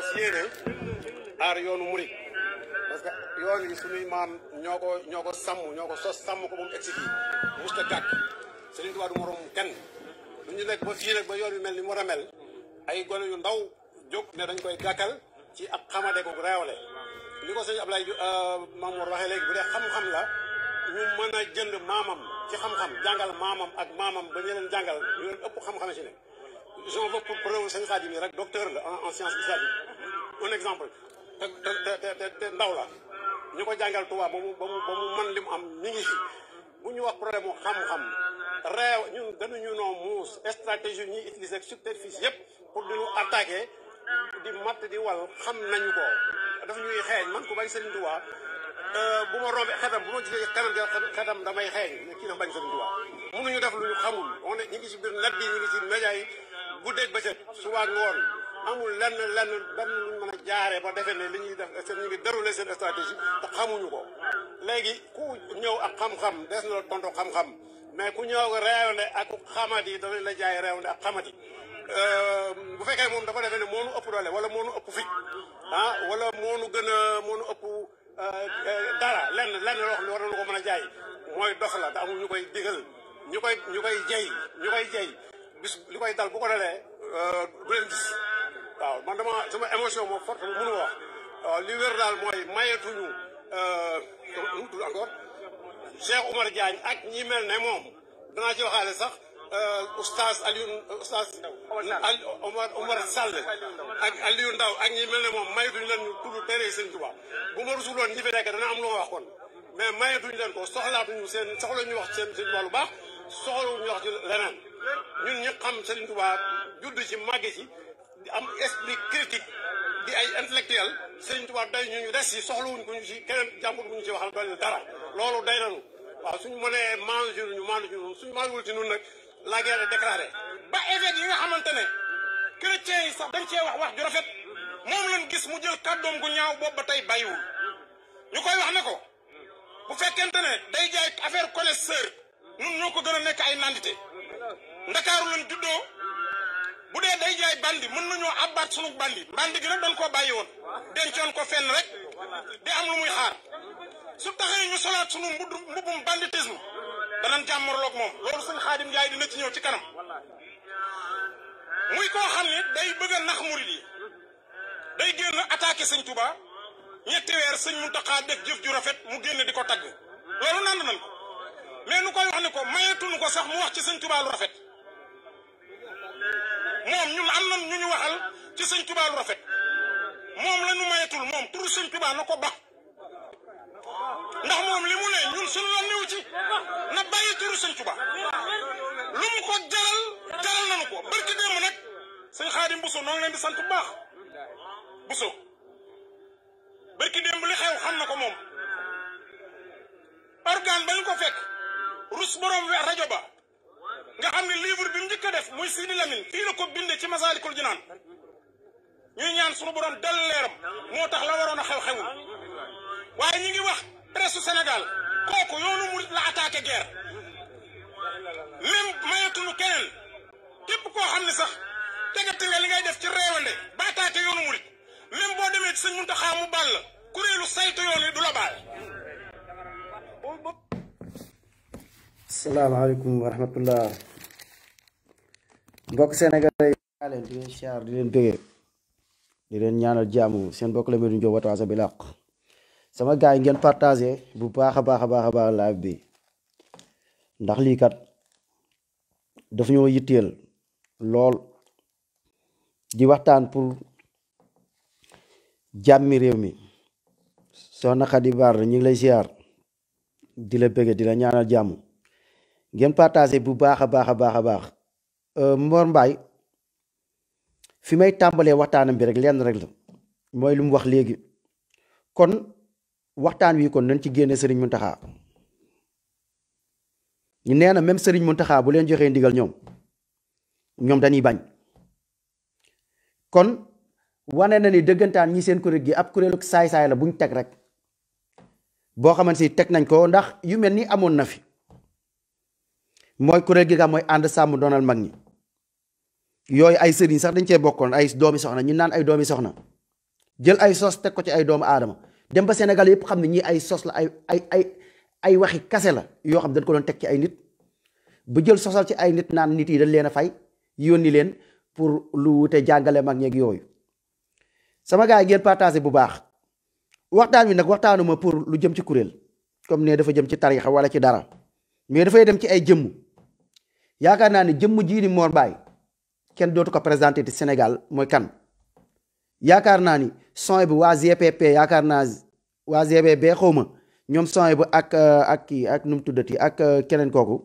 fas yéene aar yoonu murit parce que yoon yi suñuy maam ñoo ko ñoo ko sàmm ñoo ko sos sàmm ko moom egsi fii musta gàkk Sëriñ Tuubaa du moroom kenn lu ñu nekk ba fii nag ba yoon yu mel ni mu war a mel ay gone yu ndaw jóg ne dañ koy gàkkal ci ab xamade ko réewle li ko sëñ Ablaye euh, Mamour waxee léegi bu dee xam-xam la ñu mën a jënd maamam ci xam-xam jàngal maamam ak maamam ba ñu leen jàngal ñu leen ëpp xam-xame ci ne j'en veux pour preuve sëñ Xaadim rek docteur la en un exemple te te te ndaw la ñu ko jàngal tubaab ba mu ba mu ba li mu am ñu ngi fi bu ñu wax problème mu xam-xam réew ñun dañuñu noo muus stratégie ñuy utiliser ak subterfuge yëpp pour di ñu attaquer di matt di wal xam nañu ko dafa ñuy xeeñ man ko bañ Serigne Touba bu ma rombee xetam bu ma gisee kanam gi xetam damay xeeñ kii dafa bañ Serigne Touba ñu def lu ñu xamul on ñu ngi si biir net bi ñu ngi si média yi guddeeg bëccëg suba ngoon amul lenn lenn benn luñ a jaaree ba defee ne li ñuy def seen ñu ngi seen stratégie te xamuñu ko léegi ku ñëw ak xam-xam des na la tontu xam-xam mais ku ñëw réewnde ak xamadi danañ la jaay réewnde ak xamadi euh, bu fekkee moom dafa defee ne moo nu ëpp doole wala moo nu ëpp fit ah wala moo nu gën a moo nu ëpp euh, euh, dara lenn lenn loo xam ne war nañu ko mën a jaay mooy dox la te amul ñu koy digal ñu koy ñu koy jey ñu koy jey bis li koy dal bu ko dalee du leen gis waaw man dama sama émotion moom forte la mënu wax waaw euh, li wér daal mooy mayetuñu euh, nu mu tudd encore Cheikh Oumar Diagne ak ñi mel ne moom danaa ci waxaale sax euh, oustaz Alioune oustaz Omar Omar Sall ak Aliou Ndaw ak ñi mel ne moom mayetuñu leen ñu tudd tere seen tubaab bu ma rusuloon ñi fi nekk dana am lu ma wax kon mais mayetuñu leen ko soxlaatuñu seen soxla ñu wax seen seen lu baax soxla ñu wax ci leneen ñun ñu xam Serigne Touba judd ci màgg ci di am esprit critique di ay intellectuel Sëriñ Tuubaa doy ñu ñu des si soxlawuñ ko ñu si keneen jàmbur bu ñu si waxal doy na dara loolu doy nañu waaw suñu mënee manger ñu manger ñu suñu manger ci ñun nag la guerre déclarée. ba évêque yi nga xamante ne chrétiens yi sax dañ cee wax wax ju rafet moom lañ gis mu jël kàddoom gu ñaaw boobu ba tey bàyyiwul ñu koy wax ne ko bu fekkente ne day jaay affaire connaisseur ñun ñoo ko gën a nekk ay nandite ndakaaru bu dee day jaay bandi mën nañoo abbaat sunu bandi bandi gi nag dañ koo bàyyi woon dencoon ko fenn rek di am lu muy xaar su taxee ñu solaat sunu mbudd mbubbum banditisme dana jàmmarloog moom loolu suñ xaadim njaay dina ci ñëw ci kanam muy koo xam ne day bëgg a nax murid yi day génn attaqué sëñ Touba ñetti weer sëñ Muntaxa def jëf ju rafet mu génn di ko tagg loolu nand nañ ko mais nu koy wax ne ko mayetuñu ko sax mu wax ci sëñ Touba lu rafet moom ñun am nañ ñu ñu waxal ci sëñ Tuubaa lu rafet moom la ñu mayatul moom turu sëñ Tuubaa na ko ba ndax moom li mu ne ñun suñu la néew ci na bàyyi turu sëñ Tuubaa lu mu ko jaral jaral nañu ko barki démb nag sëñ Xaadim Bousso noo ngi leen di sant bu baax Bousso barki démb li xew xam na ko moom organe ba ñu ko fekk rus borom rajo ba nga xam ne livre bi mu a def muy Sidi Lamine fii la ko bindee ci Masaalikul Jinaan ñuy ñaan suñu borom dal leeram moo tax la waroon a xew xewul waaye ñi ngi wax presse su kooku yoonu murit la attaqué guerre même mayatuñu keneen képp koo xam ne sax tegati nga li ngay def ci réewande ba attaqué yoonu murit même boo demee ci sëñ Muntaxa mu baal la kuréelu du la Assalamualaikum warahmatullah. rahmatullah mbokk sénégalais yi di leen di leen bëggee di leen ñaanal sama gars ngeen partagé bu baax a baax a live bi ndax lii kat daf ñoo yitteel lool di waxtaan pour mi lay di la bëggee di la ñaanal ngeen partagé bu baax a baax baax a euh, Mor mbay fi may tàmbalee waxtaanam bi rek lenn rek la moy lu mu wax kon waxtaan wi kon nañ ci génne Serigne muntaha ñu nee même Serigne muntaha bu leen joxee ndigal ñom ñom dañuy bañ kon wane na ni dëggantaan ñi seen kuréel gi ab kurelu say say la buñ tek rek bo xamanteni si tek nañ ko ndax yu melni ni na fi. mooy kuréel gi nga mooy ànd sàmm doonal mag ñi yooyu ay sëriñ sax dañ cee bokkoon ay doomi soxna ñu naan ay doomi soxna jël ay sos teg ko ci ay doomu aadama dem ba Sénégal yëpp xam ne ñii ay sos la ay ay ay waxi kase la yoo xam dañ ko doon teg ci ay nit bu jël sosal ci ay nit naan nit yi dañ leen a fay yónni leen pour lu wute jàngale mag ñeeg yooyu sama gaa yi ngeen partagé bu baax waxtaan wi nag waxtaanuma pour lu jëm ci kuréel comme ne dafa jëm ci tarixa wala ci dara mais dafay dem ci ay jëmm yaakaar naa ne jëmm jii di Mor Mbaye kenn dootu ko présenté ci Sénégal mooy kan yaakaar naa ni son bi waa GPP yaakaar naa waa GPP xaw ma ñoom son bi ak euh, ak kii ak nu mu tuddati ak euh, keneen kooku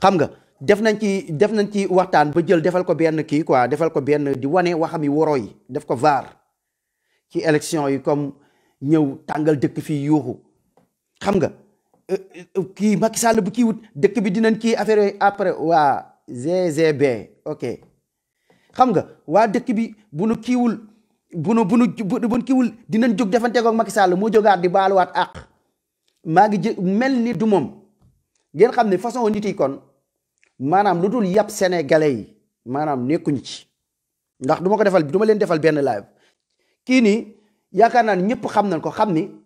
xam nga def nañ ci def nañ ci waxtaan ba jël defal ko benn kii quoi defal ko benn di wane waxam yi woro yi def ko vaar ci élection yi comme ñëw tàngal dëkk fii yuuxu xam nga Euh, euh, kii Macky Sall bu kii dëkk bi dinañ kii affaire yooyu après waa GGB ok xam nga waa dëkk bi bu nu kiiwul bu nu bunu nu bu nu kiiwul dinañ jóg defanteeg ak Macky Sall mu jogaat di baaluwaat àq maa ngi jë mel ni du moom ngeen xam ne façon nit yi kon maanaam lu dul yàpp sénégalais yi maanaam nekkuñ ci ndax duma ko defal du ma leen defal benn live kii nii yaakaar naa ne ñëpp xam nañ ko xam ni.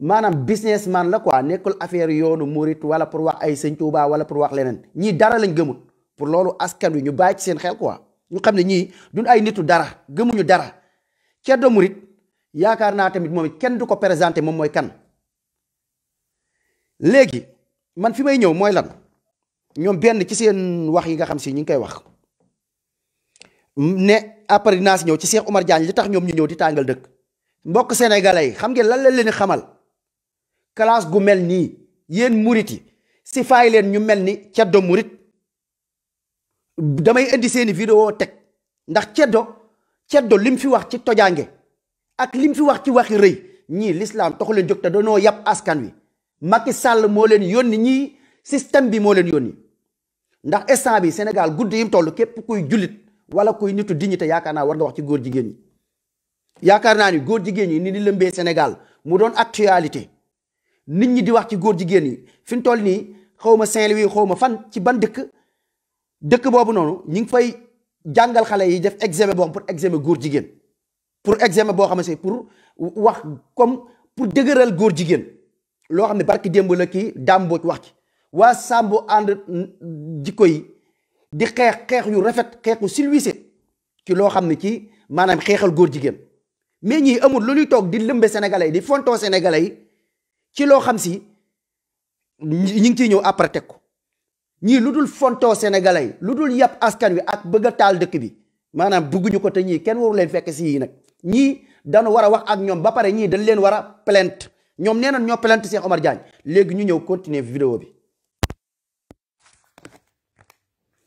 maanaam business man la quoi nekkul affaire yoonu murit wala pour wax ay sëñ Tuubaa wala pour wax leneen ñii dara lañ gëmul pour loolu askan wi ñu bàyyi ci seen xel quoi ñu xam ne ñii duñ ay nitu dara gëmuñu dara ceddo murit yaakaar naa tamit moom it kenn du ko présenté moom mooy kan. léegi man fi may ñëw mooy lan ñoom benn ci seen wax yi nga xam si ñu ngi koy wax ne après dinaa ñëw ci Cheikh Oumar Diagne li tax ñoom ñu ñëw di tàngal dëkk mbokk sénégalais yi xam ngeen lan la leen xamal. classe gu mel nii yéen muriti si faay leen ñu mel ni ceddo murit damay indi seeni vidéo teg ndax ceddo ceddo lim fi wax ci tojaange ak lim fi wax ci waxi rëy ñii lislaam taxu leen jóg ta danoo yàpp askan wi Macky Sall moo leen yónni ñii système bi moo leen yónni ndax instant bi senegal guddi yim toll képp kuy jullit wala kuy nitu di yaakaar naa war nga wax ci góor jigéen yaakaar naa ni góor jigéen ñi ni di lëmbee senegal mu doon actualité nit ñi di wax ci góor jigéen yi fi mu toll nii xaw ma Saint-Louis xaw ma fan ci ban dëkk dëkk boobu noonu ñu ngi fay jàngal xale yi def examen boo xam pour examen góor jigéen pour examen boo xam ne pour wax comme pour dëgëral góor jigéen loo xam ne barki démb la kii dàmbooj wax ci waa Sàmbo ànd jikko yi di xeex xeex yu rafet xeexu silwise ci loo xam ne ci maanaam xeexal góor jigéen mais ñii amul lu ñuy toog di lëmbe sénégalais yi di fontoo sénégalais yi ci loo xam si ñi ngi ciy ñëw après teg ko ñii lu dul fontoo sénégalais lu dul yàpp askan wi ak bëgg taal dëkk bi maanaam bugguñu ko te ñii kenn waru leen fekk si yii nag ñii dañu war a wax ak ñoom ba pare ñii dañ leen war a plainte ñoom nee nañ ñoo plainte Cheikh Omar Diagne léegi ñu ñëw continuer vidéo bi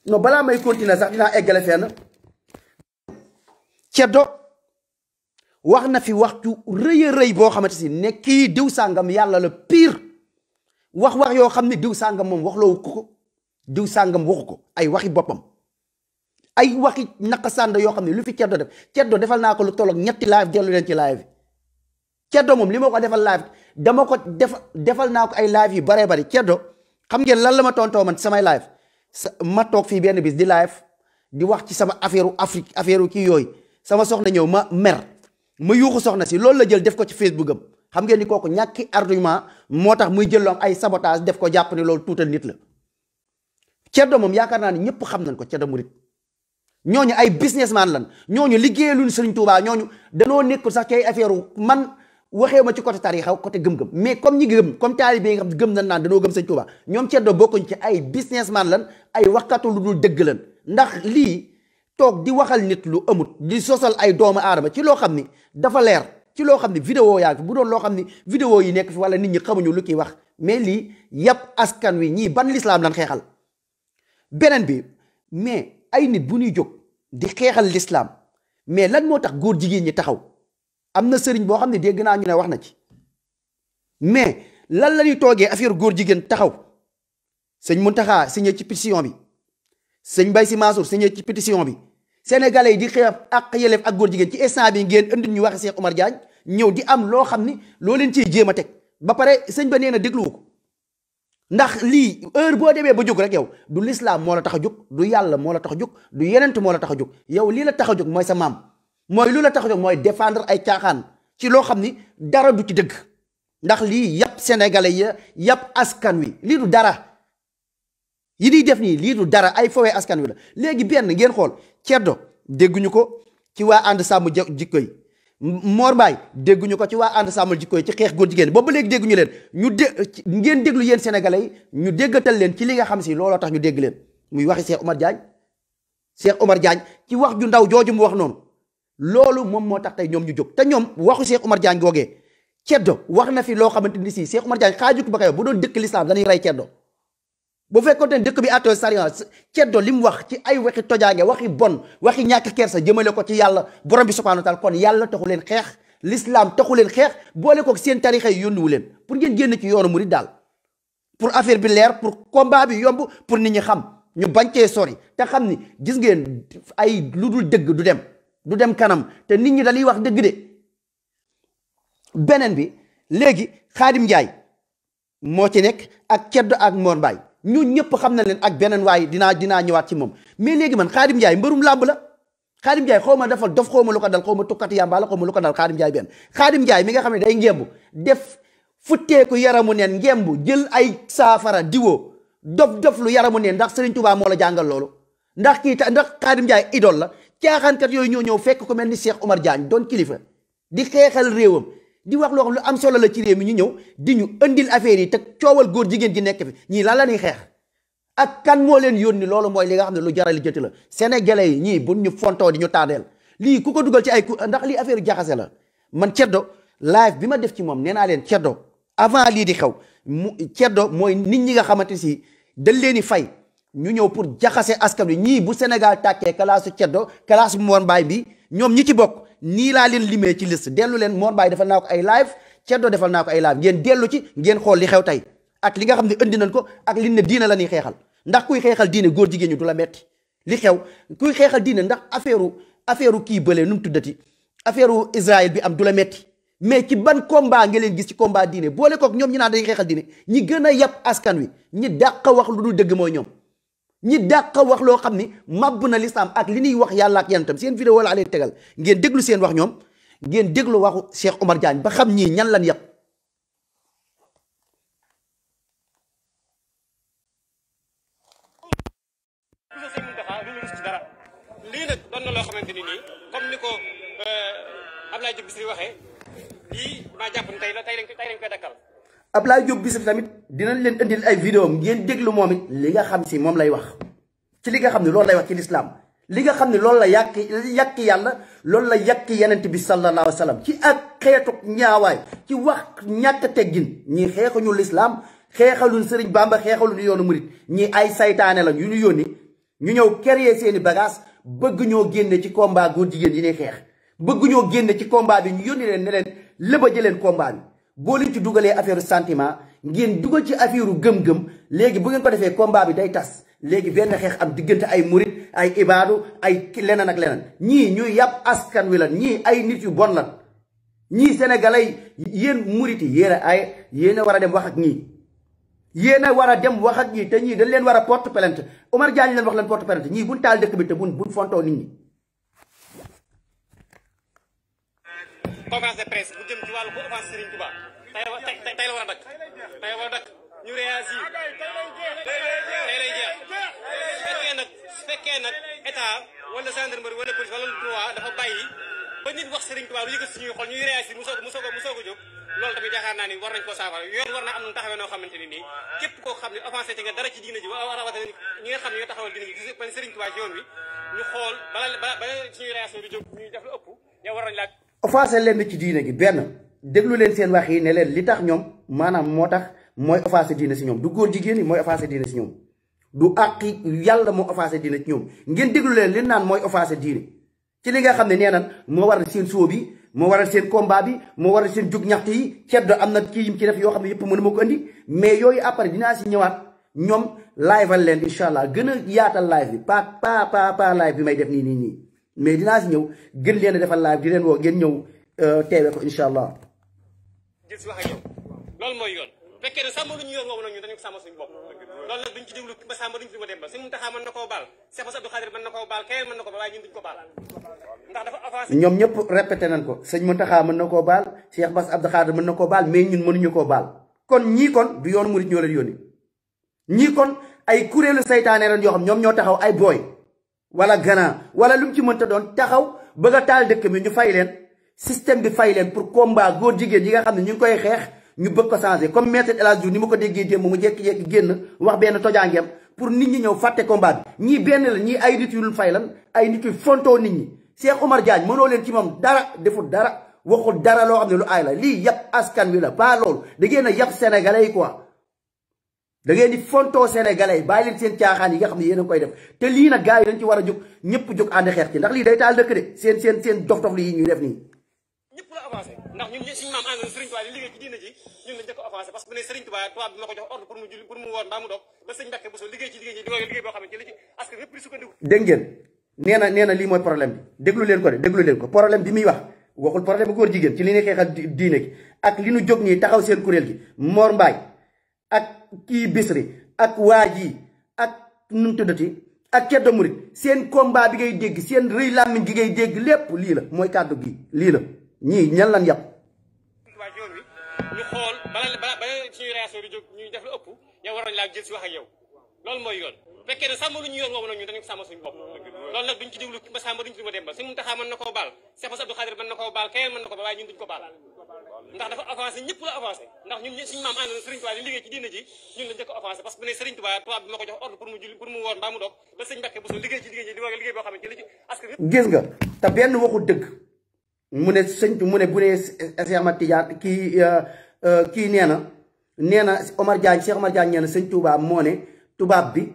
non balaa may continuer sax dinaa eggale fenn ceddo wax na fi wax ju rëy boo xamante si ne kii diw sàngam yàlla la piir wax wax yoo xam ne diw sàngam moom wax waxloowu ko ko diw sàngam waxu ko ay waxi boppam ay waxi naqa sànd yoo xam ne lu fi ceddo def ceddo defal naa ko lu tolloog ñetti live dellu ci live bi moom li ma ko defal live dama ko def defal naa ko ay live yu baree bari ceddo xam ngeen lan la ma tontoo man samay live ma toog fii benn bis di live di wax ci sama affaire Afrique affaire kii yooyu sama soxna ñëw ma mer ma yuuxu soxna si loolu la jël def ko ci Facebook am xam ngeen ni kooku ñàkki argument moo tax muy jël ay sabotage def ko jàpp ne loolu tuutal nit la ceddo moom yaakaar naa ne ñëpp xam nañ ko ceddo murit ñooñu ay businessman lan ñooñu liggéeyaluñu Sëriñ Tuubaa ñooñu danoo nekkul sax ci ay affaire man waxee ma ci côté tarixa côté gëm-gëm mais comme ñi gëm comme taalibe yi nga xam gëm nañ naan danoo gëm Sëriñ Tuubaa ñoom ceddo bokkuñ ci ay businessman lan ay waxkatu lu dul dëgg lan ndax toog di waxal nit lu amut di sosal ay doomu aadama ci loo xam ni dafa leer ci loo xam ni vidéo yaa fi bu doon loo xam ni video yi nekk fi wala nit ñi xamuñu lu kiy wax mais lii yàpp askan wi ñii ban lislaam lan xeexal beneen bi mais ay nit bu ñuy jóg di xeexal lislaam mais lan moo tax góor jigéen ñi taxaw am na sëriñ boo xam ne dégg naa ñu ne wax na ci mais lan la ñuy toogee affaire góor jigéen taxaw sëñ Muntaxa signé ci pétition bi sëñ bay Sy Mansour sëñee ci pétition bi sénégalais yi di xeex ak yelleef ak góor jigéen ci instant bi ngeen indi ñu waxe Cheikh Omar Diagne ñëw di am loo xam ni loo leen ci jéem a teg ba pare sëñ ba nee na dégluwu ko ndax lii heure boo demee ba jóg rek yow du lislaam moo la tax a jóg du yàlla moo la tax a jóg du yenent moo la tax a jóg yow lii la tax a jóg mooy sa maam mooy lu la tax a jóg mooy défendre ay caaxaan ci loo xam ni dara du ci dëgg ndax lii yàpp sénégalais ya yàpp askan wi lii dara yi di def nii lii du dara ay fowee askan wi la léegi benn ngeen xool ceddo dégguñu ko ci waa ànd sàmm jikko yi moor baay dégguñu ko ci waa ànd sàmm jikko yi ci xeex góor jigéen boobu ba léegi dégguñu leen ñu dé ngeen déglu yéen sénégalais yi ñu déggatal leen ci li nga xam si looloo tax ñu dégg leen muy waxi Cheikh Omar Diagne Cheikh Omar Diagne ci wax ju ndaw jooju mu wax noonu loolu moom moo tax tey ñoom ñu jóg te ñoom waxu Cheikh Omar Diagne googee ceddo wax na loo xamante ni si Cheikh Omar Diagne xaaju ko ba kay bu doon dëkk l'islam dañuy rey ceddo bu fekkoonte ne dëkk bi àttoo sariya ceddo li mu wax ci ay waxi tojaange waxi bon waxi ñàkk kersa jëmale ko ci yàlla borom bi subhaanahu wa kon yàlla taxu leen xeex l'islam taxu leen xeex boole ko seen tarixa yi yónnuwu leen pour ngeen génn ci yoonu mu murid daal pour affaire bi leer pour combat bi yomb pour nit ñi xam ñu bañ cee sori te xam ni gis ngeen ay lu dul dëgg du dem du dem kanam te nit ñi dañuy wax dëgg de beneen bi léegi Xaadim Njaay moo ci nekk ak ceddo ak Mor ñun ñëpp xam na leen ak beneen waay dinaa dinaa ñëwaat ci moom mais léegi man Khadim Ndiaye mbërum làmb la Khadim Ndiaye xaw ma dafa dof xaw ma ko dal xaw ma tukkati yàmbaa la xaw ko dal Khadim Ndiaye benn Khadim Ndiaye mi nga xam ne day ngemb def futteeku yaramu neen ngemb jël ay saafara diwoo dof dof lu yaramu neen ndax Serigne Touba moo la jàngal loolu ndax kii ndax Khadim Ndiaye idole la caaxaankat yooyu ñoo ñëw fekk ko mel ni Cheikh Omar jaañ doon kilifa di xeexal réewam di wax loo xam lu am solo la ci réew mi ñu ñëw di ñu indil affaire yi teg coowal góor jigéen gi nekk fi ñii lan la ñuy xeex ak kan moo leen yónni loolu mooy li nga xam ne lu jaral jënd la Sénégalais yi ñii bu ñu fontoo di ñu taadeel lii ku ko dugal ci ay ku ndax lii affaire jaxase la man ceddo live bi ma def ci moom nee naa leen ceddo avant lii di xew mu ceddo mooy nit ñi nga xamante si dañ leen di fay ñu ñëw pour jaxase askan wi ñii bu Sénégal tàkkee kalaasu ceddo kalaasu Mor Mbaay bi ñoom ñi ci bokk nii laa leen limee ci liste dellu leen Mor baay defal naa ko ay live Ceddo defal naa ko ay live ngeen dellu ci ngeen xool li xew tey ak li nga xam ne indi nañ ko ak li ne diina la ñuy xeexal ndax kuy xeexal diine góor jigéen ñu du la metti li xew kuy diine ndax affaire affaire kii bële nu tuddati affaire Israël bi am du mais ci ban combat ngi leen gis ci combat diine boole kook ñoom ñu naan day xeexal diine ñi gën a yàpp askan wi ñi dàq wax lu dul dëgg mooy ñoom ñi dakk wax lo xamni ni màbb na lislaam ak li ni wax yalla ak yantam seen vidéo wala ale tegal ngeen deglu seen wax ñom ngeen deglu waxu Cheikh Omar Diagne ba xam ñii ñan lan yàq lii nag doon na loo xamante ni nii comme ni ko euh, Abdoulaye Diouf Bichri waxee lii maa jàpp ne tey la tey dañ koy dakkal Abdoulaye Diop Bichri tamit dinañ leen indil ay vidéo am ngeen déglu moom it li nga xam si moom lay wax ci li nga xam ne loolu lay wax ci lislaam li nga xam ne loolu la yàq yàq yàlla loolu la yàq yenent bi sallallahu alayhi wa sallam ci ak xeetu ñaawaay ci wax ñàkk teggin ñii xeexuñu lislaam xeexaluñ sëriñ Bamba xeexaluñ yoonu murit ñii ay saytaane la yu ñu yónni ñu ñëw créer seeni bagage bëgg ñoo génne ci combat góor jigéen yi ne xeex bëgg ñoo génne ci combat bi ñu yónni leen ne leen léba jëleen combat bi boo li ci dugalee affaire sentiment ngeen dugal ci affaire gëm-gëm léegi bu ngeen ko defee combat bi day tas léegi benn xeex am diggante ay murit ay ibaadu ay leneen ak leneen ñii ñuy yàpp askan wi la ñii ay nit yu bon lan ñii sénégalais yéen murit yi yéen a ay yéen a war a dem wax ak ñii yéen a war a dem wax ak ñii te ñii dañ leen war a porte plainte Omar Diagne leen wax leen porte plainte ñii buñ taal dëkk bi te buñ buñ fontoo nit ñi conférence de presse bu jëm ci wàllu bu offense Serigne Touba tey tey tey la war a dakk tey la war a dakk ñu réagir ah, tey lay jeex su fekkee nag su a jóg naa war nañ koo saafara yoon war naa am xamante ni nii képp koo xam ne offensé te nga dara ci diina ji wa rawata ñi nga xam ñu xool bala ëpp yow war nañ laaj offensé leen ci diine gi benn déglu leen seen wax yi ne leen li tax ñoom maanaam moo tax mooy offensé diine si ñoom du góor jigéen yi mooy offensé diine si ñoom du yàlla moo offensé diine ci ñoom ngeen déglu leen li naan mooy offensé diine ci li nga xam ne nee nan moo na seen soo bi moo waral seen combat bi moo waral seen jug ñaxti yi ceddo am na kii yim ci def yoo xam ne yëpp ma ko indi mais yooyu après dinaa si ñëwaat ñoom live al leen incha allah gën a yaatal live bi pa pa pa pa bi may def nii nii nii mais dinaa si ñëw gën leen a defal live di leen woo ngeen ñëw euh, teewe ko incha allah. gis wax ak yow loolu mooy yoon fekkee ne sàmm lu ñu yoon woowu nag ñun dañu ko sàmm suñu bopp loolu nag duñ ci jublu ba sàmm duñ ci ba dem ba suñu koo baal Cheikh Abdou Khadir mën na koo baal na ko baal waaye ñun duñ ko baal ñoom ñëpp répété nañ ko sëñ mën na koo baal Cheikh Bass Abdou Khadir mën na koo baal mais ñun mënuñu koo baal kon ñii kon du yoon murit ñoo leen yónni ñii kon ay kuréelu saytaane ren yoo xam ñoom ñoo taxaw ay booy wala Ghana wala lu mu ci mënta doon taxaw bëgg a taal dëkk bi ñu fay leen système bi fay leen pour combat góor jigéen ñi nga xam ne ñu ngi koy xeex ñu bëgg ko changer comme maître El Hadj Diouf ni ma ko déggee démb mu jékki-jékki génn wax benn tojaangeem pour nit ñi ñëw fàtte combat bi ñii benn la ñii ay nit yu fay lan ay nit yu fontoo nit ñi Cheikh Omar Diagne mënoo leen ci moom dara deful dara waxul dara loo xam ne lu ay la lii yàpp askan wi la pas loolu da ngeen a yàpp sénégalais yi quoi da ngeen di fontoo sénégalais yi bàyyi leen seen caaxaan yi nga xam ne yéen a koy def te lii nag gars yi dañ ci war a jóg ñëpp jóg ànd xeex ci ndax lii day taal dëkk de seen seen seen dof dof lii ñuy def nii. ñëpp la avancé ndax parce que bu ne Serigne ko jox ordre pour mu lii mooy problème bi déglu leen ko de déglu leen ko problème bi muy wax waxul problème góor jigéen ci li ne xeexal diine gi ak li nu jóg nii taxaw seen kuréel gi Mor Mbaye ak kii Bisri ak waa ji ak nu mu tuddati ak ceddo murit seen combat bi ngay dégg seen rëy làmmiñ gi ngay dégg lépp lii la mooy kàddu gi lii la ñii ñan lan yàpp ñu xool bala bala suñu réaction jël si wax ak yow loolu mooy yoon fekkee ne sàmm lu ñu yoon moom la ñu dañu sàmm suñu bopp ma sàmm duñ ci ma dem ba suñu Muntaxa mën na koo baal Seex Abdou Xaadir mën na koo baal keneen mën na ko baal ndax dafa avancé ñëpp la ndax ñun ñun suñu maam ànd na Serigne a parce que bu ne Serigne Touba tubaab bi ma ko jox ordre pour mu julli te benn waxul dëgg mu ne sëñ mu ne bu ne Cheikh Ahmad Tidiane euh, euh, kii nee na nee na Omar Diagne Cheikh Omar Diagne na sëñ Touba moo ne tubaab bi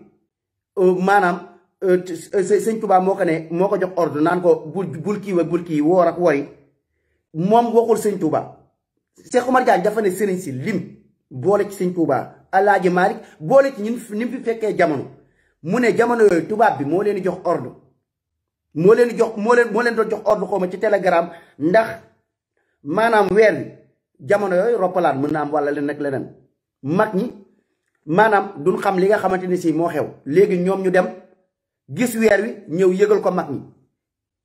euh, maanaam sëñ Touba moo ko ne moo ko jox ordre naan ko bul bul kii wa bul kii woor ak wori moom waxul sëñ Touba Cheikh Omar Diagne dafa ne sëriñ si lim boole ci sëñ Touba Alaaji Malick boole ci ñun ni mu fi fekkee jamono mu ne jamono yooyu tubaab bi moo leen jox ordu moo leen jox moo leen moo leen doon jox ordre xaw ci telegram ndax maanaam weer wi jamono yooyu roppalaan mën na am wala leneen ak leneen mag ñi maanaam duñ xam li nga xamante ni si moo xew léegi ñoom ñu dem gis weer wi ñëw yëgal ko mag ñi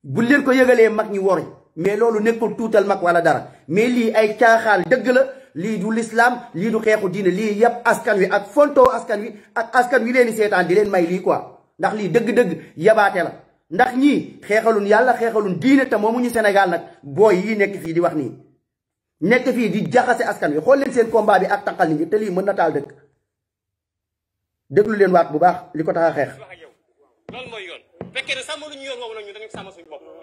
bu leen ko yëgalee mag ñi wori mais loolu nekkul tuutal mag wala dara mais lii ay caaxaan dëgg la lii du lislaam lii du xeexu diine lii yëpp askan wi ak fontoo askan wi ak askan wi leen di seetaan di leen may lii quoi ndax lii dëgg-dëgg yabaate la ndax ñii xeexalun yàlla xeexalun diine te moomu ñu nag booy yii nekk fii di wax nii nekk fii di jaxase askan wi xool leen seen combat bi ak taqal nit ñi te lii mën na taal dëkk déglu leen waat bu baax li ko tax a xeex. loolu mooy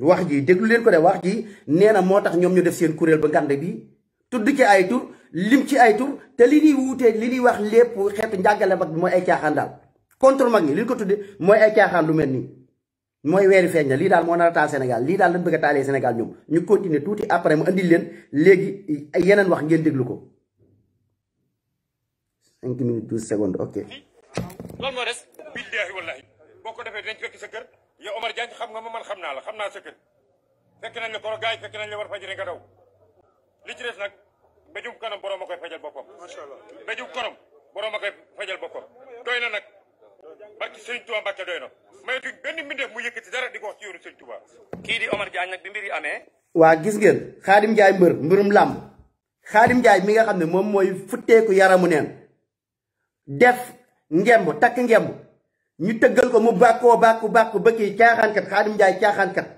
wax ji déglu leen ko de wax ji neena moo tax ñoom ñu def seen kuréel ba ngànd bi tudd ci ay tur lim ci ay tur te li ñuy wuutee li ñuy wax lépp xeetu njàngale mag bi mooy ay caaxaan daal contre mag ñi li ñu ko tudde mooy ay caaxaan lu mel nii mooy weeri feeñ na lii daal moo nar a taal Sénégal lii daal lañ bëgg a taalee Sénégal ñoom ñu continuer tuuti après mu andil leen léegi yeneen wax ngeen déglu ko. 5 yow Omar Diagne xam nga ma man xam naa la xam naa sa kër fekk nañ la ko gaay fekk nañ la fajiri nga daw li ci des nag mbéjum kanam borom a koy fajal boppam. macha allah mbéjum a koy fajal boppam doy na nag barki Serigne Touba Mbacke doy na maytuñ benn mbindeef mu yëkkati dara di ci yoonu Serigne Touba. kii di Omar Diagne nag bi mbir amee. waa gis ngeen Xaadim Njaay mbër mbërum làmb Xaadim Njaay mi nga xam ne moom mooy futteeku yaramu neen def ngemb takk ngemb. ñu teggal ko mu ba ki tiaxan kat caaxaankat jaay tiaxan kat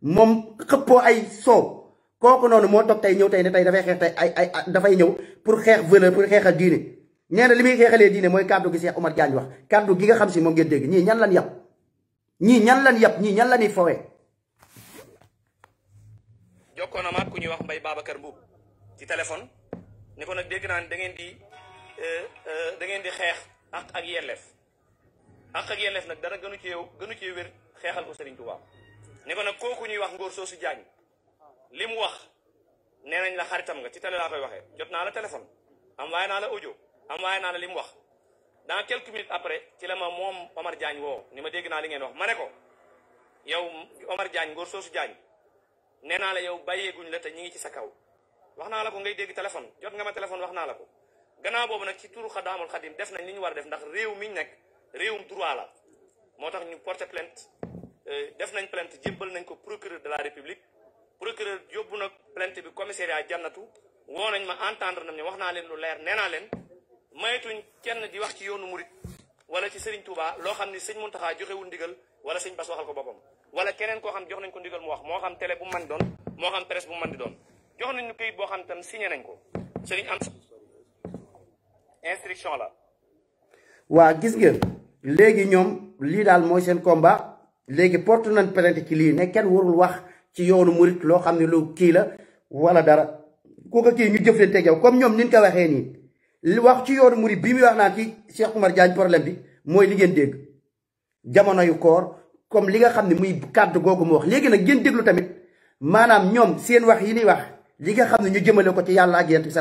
mom xepo ay so koku noonu mo tok tay ñew tay ne da fay xex tay ay ay fay ñew pour xex veuleur pour xeexal diine neena limi xexale diine moy kàddu gi Cheikh Omar Diagne wax kàddu gi nga xam ci mo ngeen deg ñii ñan lan yàpp ñii ñan lan yàpp ñii ñan ni fowé joko na ma ku ñu wax mbay babakar Mbuub ci téléphone ne ko nak deg naan da ngeen di euh, euh, da ngeen di xex ak ak yelef àq ak yelleef nag dara gënu ci yow gënu ci wér xeexal ko Serigne Touba ne ko nag kooku ñuy wax ngóor soosu jaañ li mu wax nee nañ la xaritam nga ci tele laa koy waxee jot naa la téléphone envoyé naa la audio envoyé naa la li mu wax dans quelques minutes après ci la ma moom Omar Diagne woo ni ma dégg naa li ngeen wax ma ne ko yow Omar Diagne ngóor soosu Diagne nee naa la yow bàyyeeguñ la te ñi ngi ci sa kaw wax naa la ko ngay dégg téléphone jot nga ma téléphone wax naa la ko gannaaw boobu nag ci turu xadaamul xadim def nañ li ñu war a def ndax réew miñ nekk réewum droit la moo tax ñu porté plainte euh, def nañ plainte jébbal nañ ko procureur de la république procureur yóbbu na plainte bi commissariat jannatu woo nañ ma entendre nañ ne wax naa leen lu leer nee naa leen maytuñ kenn di wax ci yoonu murit wala ci Serigne Touba loo xam ni sëñ Muntaxa joxewul ndigal wala sëñ Bass waxal ko boppam wala keneen koo xam jox nañ ko ndigal mu wax moo xam télé bu man di doon moo xam presse bu man di doon jox nañ ñu këyit boo xam tam signé nañ ko sëriñ am instruction la waa léegi ñoom lii daal mooy seen combat léegi porte nañ plainte ci lii ne kenn warul wax ci yoonu murit loo xam ne lu kii la wala dara ku ko kii ñu jëflante ak yow comme ñoom niñ ko waxee nii li wax ci yoonu murit bi muy wax naan ci Cheikh Oumar Diagne problème bi mooy li ngeen dégg jamono yu koor comme li nga xam ne muy kàddu googu mu wax léegi nag ngeen déglu tamit maanaam ñoom seen wax yi ñuy wax li nga xam ne ñu jëmale ko ci yàlla ak yonent bi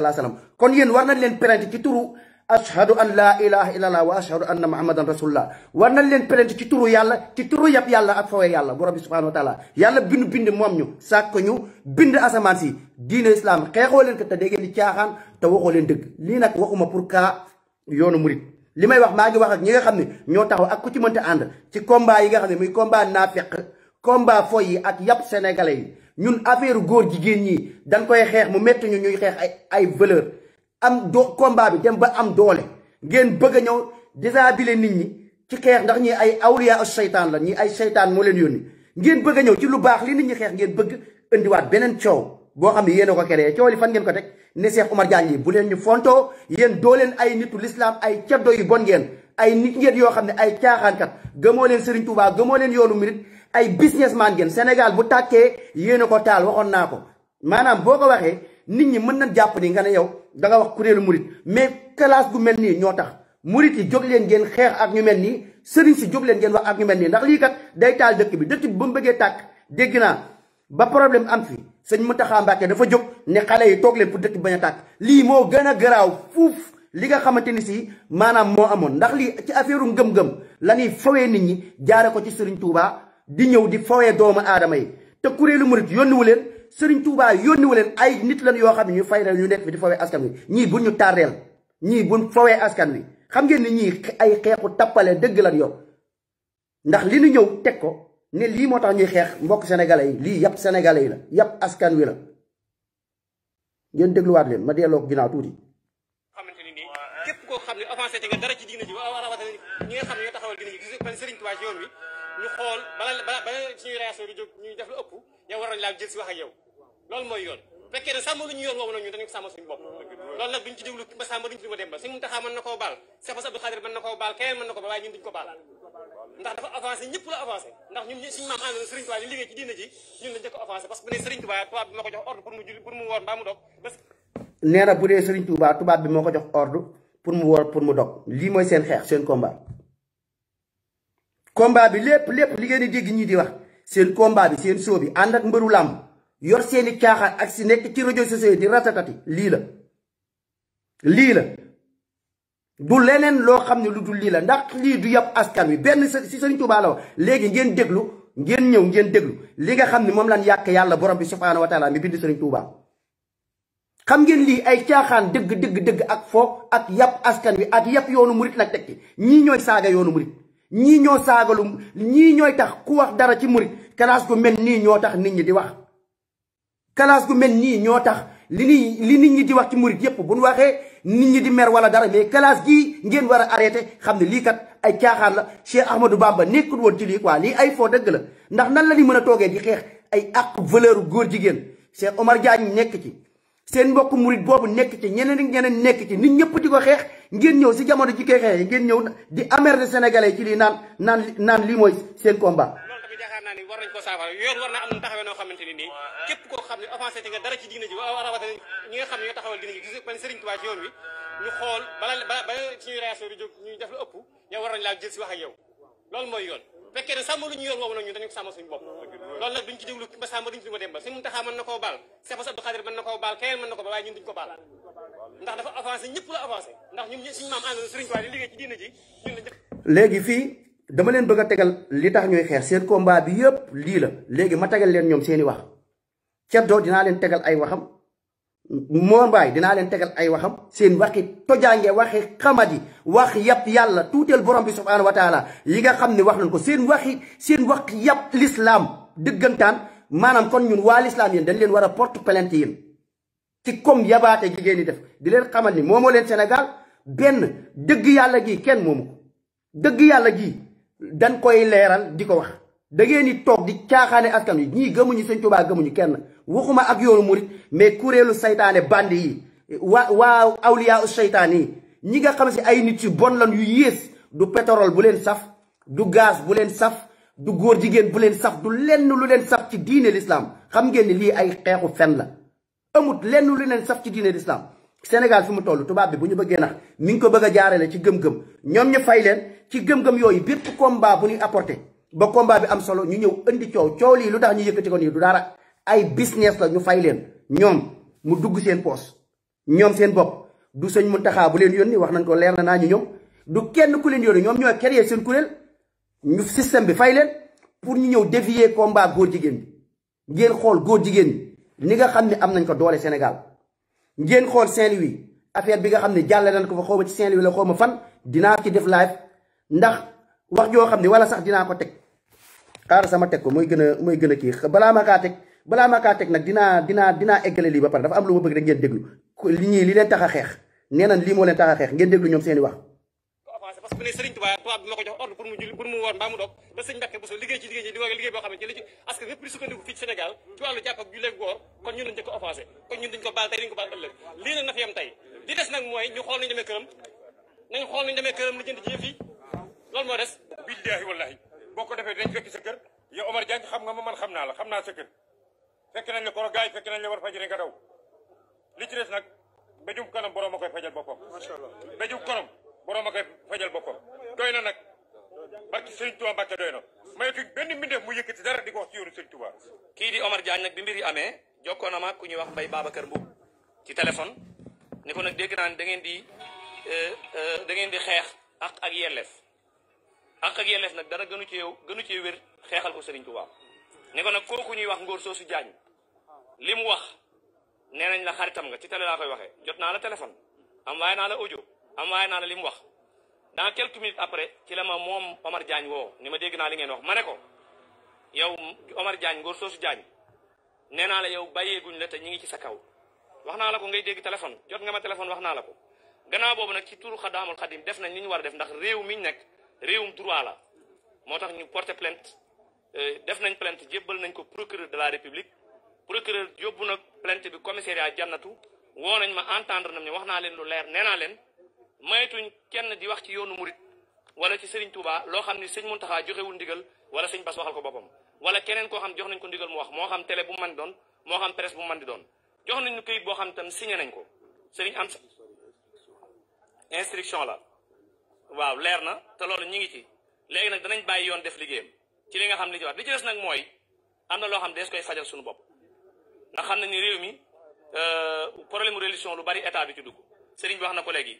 kon yéen war nañ leen plainte ci turu ashhadu an laa ilaha illallah wa ashhadu anna muhammadan rasulullah war nañ leen plainte ci turu yàlla ci turu yab yàlla ak fawee yàlla borom bi subhanahu wa taala yàlla bindu bind moom ñu sàkk ñu bind asamaan si diine islam xeexoo leen ko te dégg di caaxaan te waxoo leen dëgg lii nag waxuma pour kaa yoonu murit li may wax maa ngi wax ak ñi nga xam ne ñoo taxaw ak ku ci mënta ànd ci combat yi nga xam ne muy combat naafeq combat fo yi ak yàpp sénégalais yi ñun affaire góor jigéen ñi dañ koy xeex mu métti ñu ñuy xeex ay ay valeur am do combat bi dem ba am doole ngeen bëgg a ñëw déshabiller nit ñi ci xeex ndax ñi ay awliya as seytaan la ñi ay seytaan moo leen yónni ngeen bëgg ñëw ci lu baax li nit ñi xeex ngeen bëgg indiwaat beneen coow boo xam ne yéen ko kere coow li fan ngeen ko teg ne Cheikh Oumar Diagne yi bu leen ñu fontoo yéen doo leen ay nitu l'islam ay ceddo yu bon ngeen ay nit ngeen yoo xam ne ay caaxaankat gëmoo leen Serigne Touba gëmoo leen yoonu murit ay businessman ngeen Sénégal bu tàkkee yéen a ko taal waxoon naa ko maanaam boo ko waxee nit ñi mën na jàpp ni nga ne yow danga nga wax kuréelu murit mais classe gu mel nii ñoo tax murit yi jóg leen ngeen xeex ak ñu mel nii sëriñ si jóg leen ngeen wax ak ñu mel nii ndax lii kat day taal dëkk bi dëkk bi ba mu bëggee tàkk dégg naa ba problème am fi sëñ Mountakha Mbacké dafa jóg ni xale yi toog leen pour dëkk bi bañ a tàkk lii moo gën a garaaw fuuf li nga xamante ni si maanaam moo amoon ndax lii ci affaire ngëm-ngëm la ñuy fawee nit ñi jaare ko ci sëriñ Touba di ñëw di fawee doomu aadama yi te kuréelu murit yónniwu leen sëriñ Touba yónni wu leen ay nit lan yoo xam ne ñu fay la ñu nekk fi di fawee askan wi ñii bu ñu tàrreel ñii buñ fawee askan wi xam ngeen ni ñii ay xeexu tappale dëgg lan yow ndax li ñu ñëw teg ko ne lii moo tax ñuy xeex mbokk sénégalais yi lii yàpp sénégalais yi la yàpp askan wi la ngeen dégluwaat leen ma delloo ko ginnaaw tuuti. xamante ni nii képp koo xam ne ñoo taxawal diina ji gis nga man Serigne Touba ci yoon wi ñu xool bala bala suñuy réaction di jóg ñuy yow waroon la jël ci wax ak yow loolu moy yoon fekkee na sàmm lu ñu yoon wo nag ñu dañu ko suñu bop loolu nag buñ ci déglu ba sàmm duñ ci ma dem ba suñu taxam mën na koo baal Cheikh Abdou Khadir man nako bal baal man nako ba ko ñun duñ ko bal ndax dafa avancer ñepp la avancer ndax ñun ñi suñu maam ànd Serigne Touba li liggé ci diina ji ñun lañu njëkk avancer parce que bu dee Serigne Touba touba bi mako jox ordre pour mu julli pour mu wor ba mu dox nee na bu dee Serigne Touba touba bi mako jox ordre pour mu wor pour mu dox li moy seen xex seen combat combat bi lepp lepp li ngeen di dégg ñi di wax seen combat bi seen show bi ànd ak mbëru làmb yor seeni caaxaan ak si nekk ci réseaux sociaux yi di ratatati lii la lii la du leneen loo xam ne lu dul lii la ndax lii du yàpp askan wi benn si Sëriñ Tuubaa la wax léegi ngeen déglu ngeen ñëw ngeen déglu li nga xam ni moom lan yàq yàlla borom bi subhaanahu wa taala mi bind Sëriñ Tuubaa xam ngeen lii ay caaxaan dëgg dëgg dëgg ak fo ak yàpp askan wi ak yàpp yoonu murit nag tekki ñii ñooy saaga yoonu murit ñii ñoo saagalu ñii ñooy tax ku wax dara ci murit kalaas gu mel nii ñoo tax nit ñi di wax kalaas gu mel nii ñoo tax li ni li nit ñi di wax ci murit yépp bu ñu waxee nit ñi di mer wala dara mais kalaas gii ngeen war a arrêté xam ne lii kat ay caaxaan la Cheikh Ahmadou Bamba nekkul woon ci lii quoi lii ay foo dëgg la ndax nan la ni mën a toogee di xeex ay àq valeur góor jigéen Cheikh Omar Diagne nekk ci seen mbokk murit boobu nekk ci ñeneen ñeneen nekk ci nit ñëpp di ko xeex ngeen ñëw si jamono ji koy ngeen ñëw di amer de sénégalais ci lii naan naan lii mooy seen combat. loolu tamit yaakaar naa ni na taxawee noo xamante ni nii képp koo xam ne offensé nga dara ci diina ji waaw xam ne ñu xool bala bala suñu réaction bi jóg ñu def lu ëpp yow war nañ laa jël si wax ak yow loolu mooy yoon fekkee ne sàmm lu ñu yoon woowu nag ñun dañu sàmm suñu bopp loolu nag duñ ci déglu ba sàmm duñ dem ba Sëriñ Muntaxa mën na koo baal Seex Abdu Xaadir mën na koo baal ko baal waaye ko baal ndax dafa avancé ñëpp la ndax ñu suñu maam ànd na Sëriñ Tuubaa di liggéey léegi fii dama leen bëgg a tegal li tax ñuy xeex seen combat bi yëpp lii la léegi ma tegal leen ñoom seeni wax Ceddo dinaa leen tegal ay waxam Mor Mbaye dinaa leen tegal ay waxam seen waxi tojaange waxi xamadi wax yàpp yàlla tuuteel borom bi subhaanahu wa taala yi nga xam ne wax nañ ko seen waxi seen wax yàpp lislaam dëggantaan maanaam kon ñun waa lislaam yéen dañ leen war a porte plainte yéen ci comme yabaate gi ngeen di def di leen xamal ni moomoo leen Sénégal benn dëgg yàlla gi kenn moomu ko dëgg yàlla gi dañ koy leeral di ko wax da ngeen di toog di caaxaane askan yi ñii gëmuñu sëñ Tuubaa gëmuñu kenn waxuma ak yoonu murit mais kuréelu saytaane bandi yi waa waa awliyaa seytaan yi ñi nga xam si ay nit yu bon lan yu yées du pétrole bu leen saf du gaz bu leen du góor jigéen bu leen saf du lenn lu leen saf ci diine l'islam xam ngeen ni lii ay xeexu fen la amut lenn lu leen saf ci diine l'islam Sénégal fi mu toll tubaab bi bu ñu bëggee nax mi ngi ko bëgg a jaarale ci gëm-gëm ñoom ñu fay leen ci gëm-gëm yooyu bépp combat bu ñuy apporté ba combat bi am solo ñu ñëw indi coow coow lii lu tax ñu yëkkati ko nii du dara ay business la ñu fay leen ñoom mu dugg seen poos ñoom seen bopp du sëñ Muntaxa bu leen yoon yónni wax nañ ko leer na naa ñu ñëw du kenn ku leen yónni ñoom ñoo créé seen kuréel ñu système bi fay leen pour ñu ñëw dévier combat góor jigéen bi ngeen xool góor jigéen bi ni nga xam ne am nañ ko doole Sénégal ngeen xool Saint-Louis affaire bi nga xam ne jàllale nañ ko fa xaw ci Saint-Louis la xaw ma fan dinaa ci def live ndax wax joo xam ne wala sax dinaa ko teg xaaral sama teg ko mooy gën a mooy gën a kii balaa ma teg balaa ma kaa teg dinaa dinaa dinaa lii ba pare dafa am lu ma bëgg rek ngeen déglu li ñuy li leen tax a xeex nee nañ lii moo tax a xeex ngeen déglu ñoom seen i wax. tubaab bi ma ko jox ordre pour mu julli pour mu woor mbaa mu dog ba sëñ Mbàkke Bousso liggéey ci liggéey ci di liggéey boo xam ne ci la ci askan yëpp di sukkandiku fii ci Sénégal ci wàllu jàpp ak julleeg góor kon ñun dañ ko offensé kon ñun dañ ko baal tey dañ ko baal ëllëg lii nag na fi yam tey li des nag mooy ñu xool nañu demee këram nañu xool nañu demee këram li jënd ci yëf yi loolu moo des billaahi wallaahi boo ko defee dinañ fekk sa kër yow Omar Diagne xam nga ma man xam naa la xam naa sa kër fekk nañ la koro gaay fekk nañ la war fajiri nga daw li ci des nag béjum kanam borom a koy fajal boppam béjum kanam borom a koy fajal boppam doy na nag barki Serigne Touba Mbacke doy na mayatuñ benn mbindeef mu yëkkati dara di ko wax ci yoonu Serigne Touba. kii di Omar Diagne nag bi mbir yi amee jokkoo na ku ñuy wax Mbaye Babacar Mbow ci téléphone ne ko nag dégg naa ne euh, euh, da ngeen di xeex ak ak yelleef ak ak yelleef nag dara gënu ci yow gënu ci wér xeexal ko Serigne Touba ne ko nag kooku ñuy wax Ngor Soosu Diagne li mu wax nee nañ la xaritam nga ci télé laa koy waxee jot naa la téléphone am waaye naa la audio am waaye li mu wax. dans quelques minutes après ci la ma moom Omar jaañ woo ni ma dégg naa li ngeen wax ma ne ko yow Omar jaañ ngóor soosu Diagne nee naa la yow bàyyeeguñ la te ñi ngi ci sa kaw wax naa la ko ngay dégg téléphone jot nga ma téléphone wax naa la ko gannaaw boobu nag ci turu xadaamul xadim def nañ li ñu war a def ndax réew miñ nekk réewum droit la moo tax ñu porté plainte euh, def nañ plainte jébbal nañ ko procureur de la république procureur yóbbu nag plainte bi commissariat jannatu woo nañ ma entendre nañ ñu wax naa leen lu leer nee naa leen maytuñ kenn di wax ci yoonu murit wala ci sëriñ Touba loo xam ni sëñ Muntaxa joxewul ndigal wala sëñ Bass waxal ko boppam wala keneen koo xam jox nañ ko ndigal mu wax moo xam télé bu mu mën doon moo xam presse bu mu mën di doon jox nañ ñu këyit boo xam tam signé nañ ko Serigne am instruction la waaw leer na te loolu ñu ngi ci léegi nag danañ bàyyi yoon def liggéeyam ci li nga xam li ci war li ci nag mooy am na loo xam dees koy fajal suñu bopp ndax xam nañ ni réew mi euh, lu bari état bi ci dugg Serigne wax na ko léegi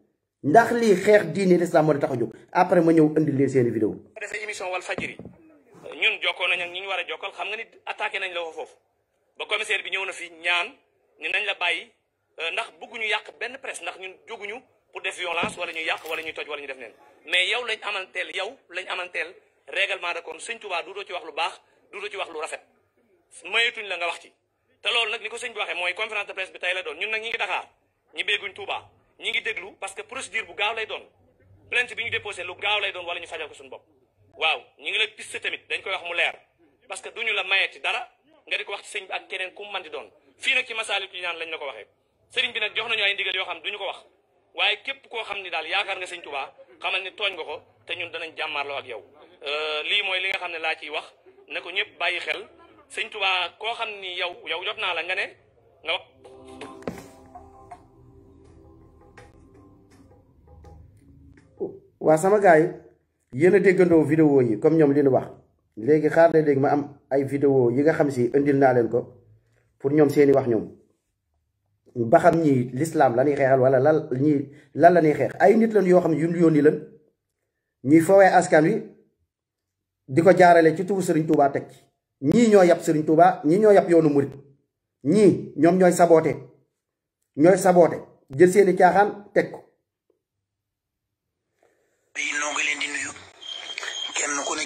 ndax lii xeex diine l'islam moo tax a jóg après ma ñëw indi leen seeni vidéo defee émission wal fajiri ñun jokkoo nañ ak ñi ñu war a jokkal xam nga ni attaqué nañ la ko foofu ba commissaire bi ñëw na fi ñaan ni nañ la bàyyi euh, ndax ñu yàq benn presse ndax ñun jóguñu pour def violence wala ñu yàq wala ñu toj wala ñu def neen mais yow lañ amanteel yow lañ amanteel règlement de compte sëñ Tuubaa duudoo ci wax lu baax duudoo ci wax lu rafet mayetuñ la nga wax ci te loolu nag ni ko sëñ bi waxee mooy conférence de presse la doon ñun nag ñi ngi Dakar ñi béeguñ Tuubaa ñi ngi déglu parce que procédure bu gaaw lay doon plainte bi ñu déposé lu gaaw lay doon wala ñu fajal ko suñu bopp waaw ñi ngi la piste tamit dañ koy wax mu leer parce que du ñu la mayeeti dara nga di ko wax ci sëñ bi ak keneen ku doon fii nag ci Masaalikul lañ la ko waxee sëriñ bi nag jox nañu ay ndigal yoo xam duñu ko wax waaye képp koo xam ni daal yaakaar nga sëñ Tuubaa xamal ni tooñ nga ko te ñun danañ jàmmaarloo ak yow euh, lii mooy li nga xam ne laa ciy wax ne ko ñëpp bàyyi xel sëñ Tuubaa koo xam ni yow yow jot naa la nga ne nga wax waa sama gars yi yéen a déggandoo vidéo yi comme ñoom li ñu wax léegi xaar leen léegi ma am ay video yi nga xam si indil naa leen ko pour ñoom seeni wax ñoom ba xam ñii lislaam la ñuy xeexal wala lan ñii lan la ñuy xeex ay nit lañ yoo xam ne yu yónni lan ñuy foowee askan wi di ko jaarale ci turu Serigne Touba teg ci ñii ñoo yab Serigne Touba ñii ñoo yab yoonu murit ñii ñoom ñooy saboote ñooy saboote jël seeni caaxaan teg ko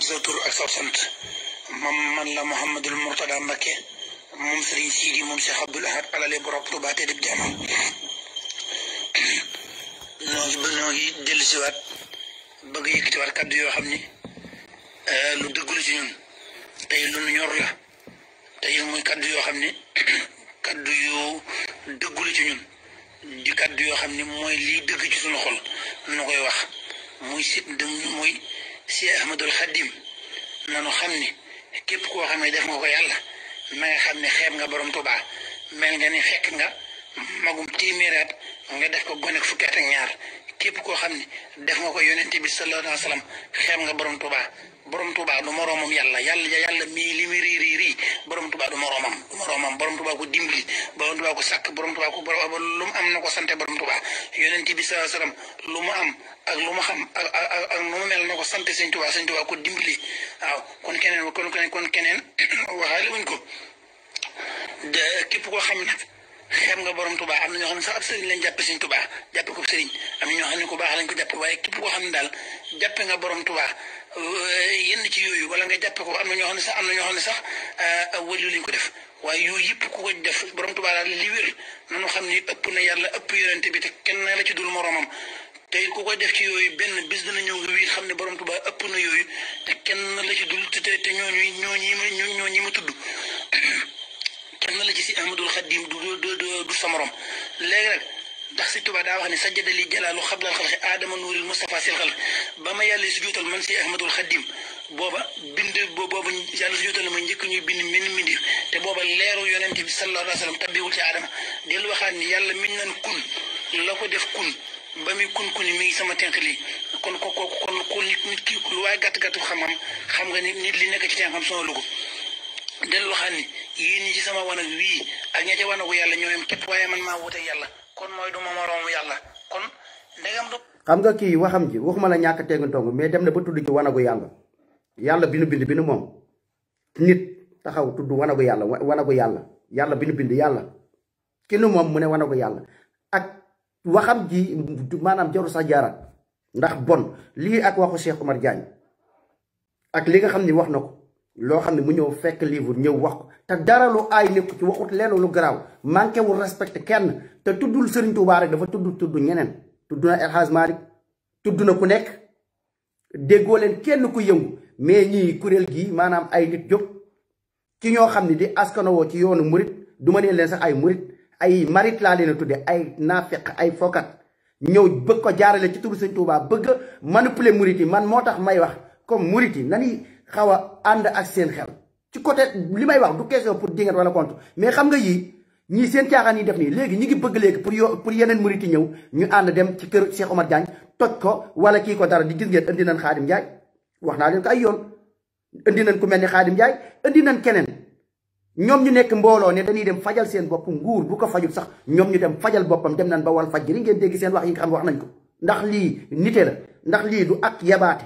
زوتر أكثر سنت من لا محمد المرتضى مكة ممسرين سيدي ممسي حب الأهر على لي براب رباتي دب دعما نوغي بنوغي دل سوات بغي على كدو يو حمني آه، لو دقل سنون تايل لون نور لا تايل مو كدو يو حمني كدو يو دقل سنون دي كدو يو حمني موي لي دقل سنون خل نوغي واخ موي سيد دم موي si ahmadul xaddim nanu xam ne képp koo xam ne def nga ko yàlla ma nga xam ne xeeb nga borom tubaa mel nga ni fekk nga magum téeméeri at nga def ko gone ak fukki at ak ñaar képp koo xam ne def nga ko yonente bi sallallahu alayhi wa sallam xeeb nga borom tubaa borom Touba du moroomam yàlla yàlla yàlla mii li muy rii rii rii borom Touba du moroomam du moroomam borom Touba ko dimbali borom Touba ko sàkk borom Touba ko borom lu mu am na ko sante borom Touba yonent bi sallallahu alayhi wasallam lu mu am ak lu mu xam ak ak ak nu ko sante sëñ Touba sëñ Touba ko dimbali waaw kon keneen kon keneen kon keneen waxaale wuñ ko képp koo xam nag nga borom Touba am na ñoo xam ne sax ab sëriñ lañ jàppe sëñ Touba jàppe ko sëriñ am na ñoo xam ne baax lañ ko jàppe waaye képp koo xam ne daal jàppe nga borom Touba Euh, yenn ci yooyu wala nga jàppe ko am na ñoo xam ne sax am na ñoo xam ne sax euh, wëliw lañ ko def waaye yooyu yëpp ku ko def borom Tuubaa daal li wér na nañu xam ni ëpp na yàlla ëpp yonente bi te kenn la ci dul moromam te ku koy def ci yooyu benn bis dana ñëw nga xam ne borom Tuubaa ëpp na yooyu te kenn la ci dul te te ñooñu ñooñi ñoo ñooñi ma tudd kenn la ci si Ahmadul Xadim du du du sa morom léegi rek ndax si tuba daa wax ne sajjada li jalaalu na xalxi aadama nuuril mustapha sil xalq ba ma yàlla su juutal man si ahmadul xadim booba bind boobu yàlla su juutal na ma njëkk ñuy bind min mindi te booba leeru yonente bi sallallahu alayhi wa sallam tabbiwul ci aadama dellu waxaat ni yàlla min nan la ko def kun ba muy kun mi ngi sama tenq lii kon ko ko kon ku nit ki waaye gàtt-gàttu xam-xam xam nga ni nit li nekk ci tenqam sama lugu dellu waxaat ni yéen ñi ci sama wanag wii ak ña ca wanagu yàlla ñoo yam képp waaye man maa wuute yàlla kon mooy du ma moroomu yàlla kon ndegam du. xam nga kii waxam ji waxuma la ñàkk a teegantoo mais dem na ba tudd ci wanagu yàlla yàlla bi nu bind bi moom nit taxaw tudd wanagu yàlla wanagu yàlla yàlla bi bind yàlla ki nu moom mu ne wanagu yàlla ak waxam ji maanaam jaru sax jaaraat ndax bon lii ak waxu Cheikh Omar Diagne ak li nga xam ni wax na ko. loo xam ne mu ñëw fekk livre ñëw wax ko te dara lu aay nekk ci waxut leen lu garaaw manqué wul respecté kenn te tuddul Serigne Touba rek dafa tudd tudd ñeneen tudd na El Hadj Malick na ku nekk déggoo leen kenn ku yëngu mais ñii kuréel gii maanaam ay nit jóg ci ñoo xam ne di askanawoo ci yoonu murit du ma ne leen sax ay ay marit laa leen a tudde ay naafeq ay fokat ñëw bëgg ko jaarale ci turu Serigne Touba bëgg manipuler murit yi man moo tax may wax comme murit yi nani xaw a ànd ak seen xel ci côté li may wax du question pour dingat wala contre mais xam nga yii ñii seen caaxaan yi def nii léegi ñi ngi bëgg léegi pour yo pour yeneen murit yi ñëw ñu ànd dem ci kër Cheikh Omar Diagne toj ko wala kii ko dara di gis ngeen indi na Xaadim Ndiaye wax naa leen ko ay yoon indi nañ ku mel ni Xaadim Ndiaye indi nañ keneen ñoom ñu nekk mbooloo ne dañuy dem fajal seen bopp nguur bu ko fajul sax ñoom ñu dem fajal boppam dem nañ ba wal faj jëriñ ngeen dégg seen wax yi nga wax nañ ko ndax lii nite la ndax lii du ak yabaate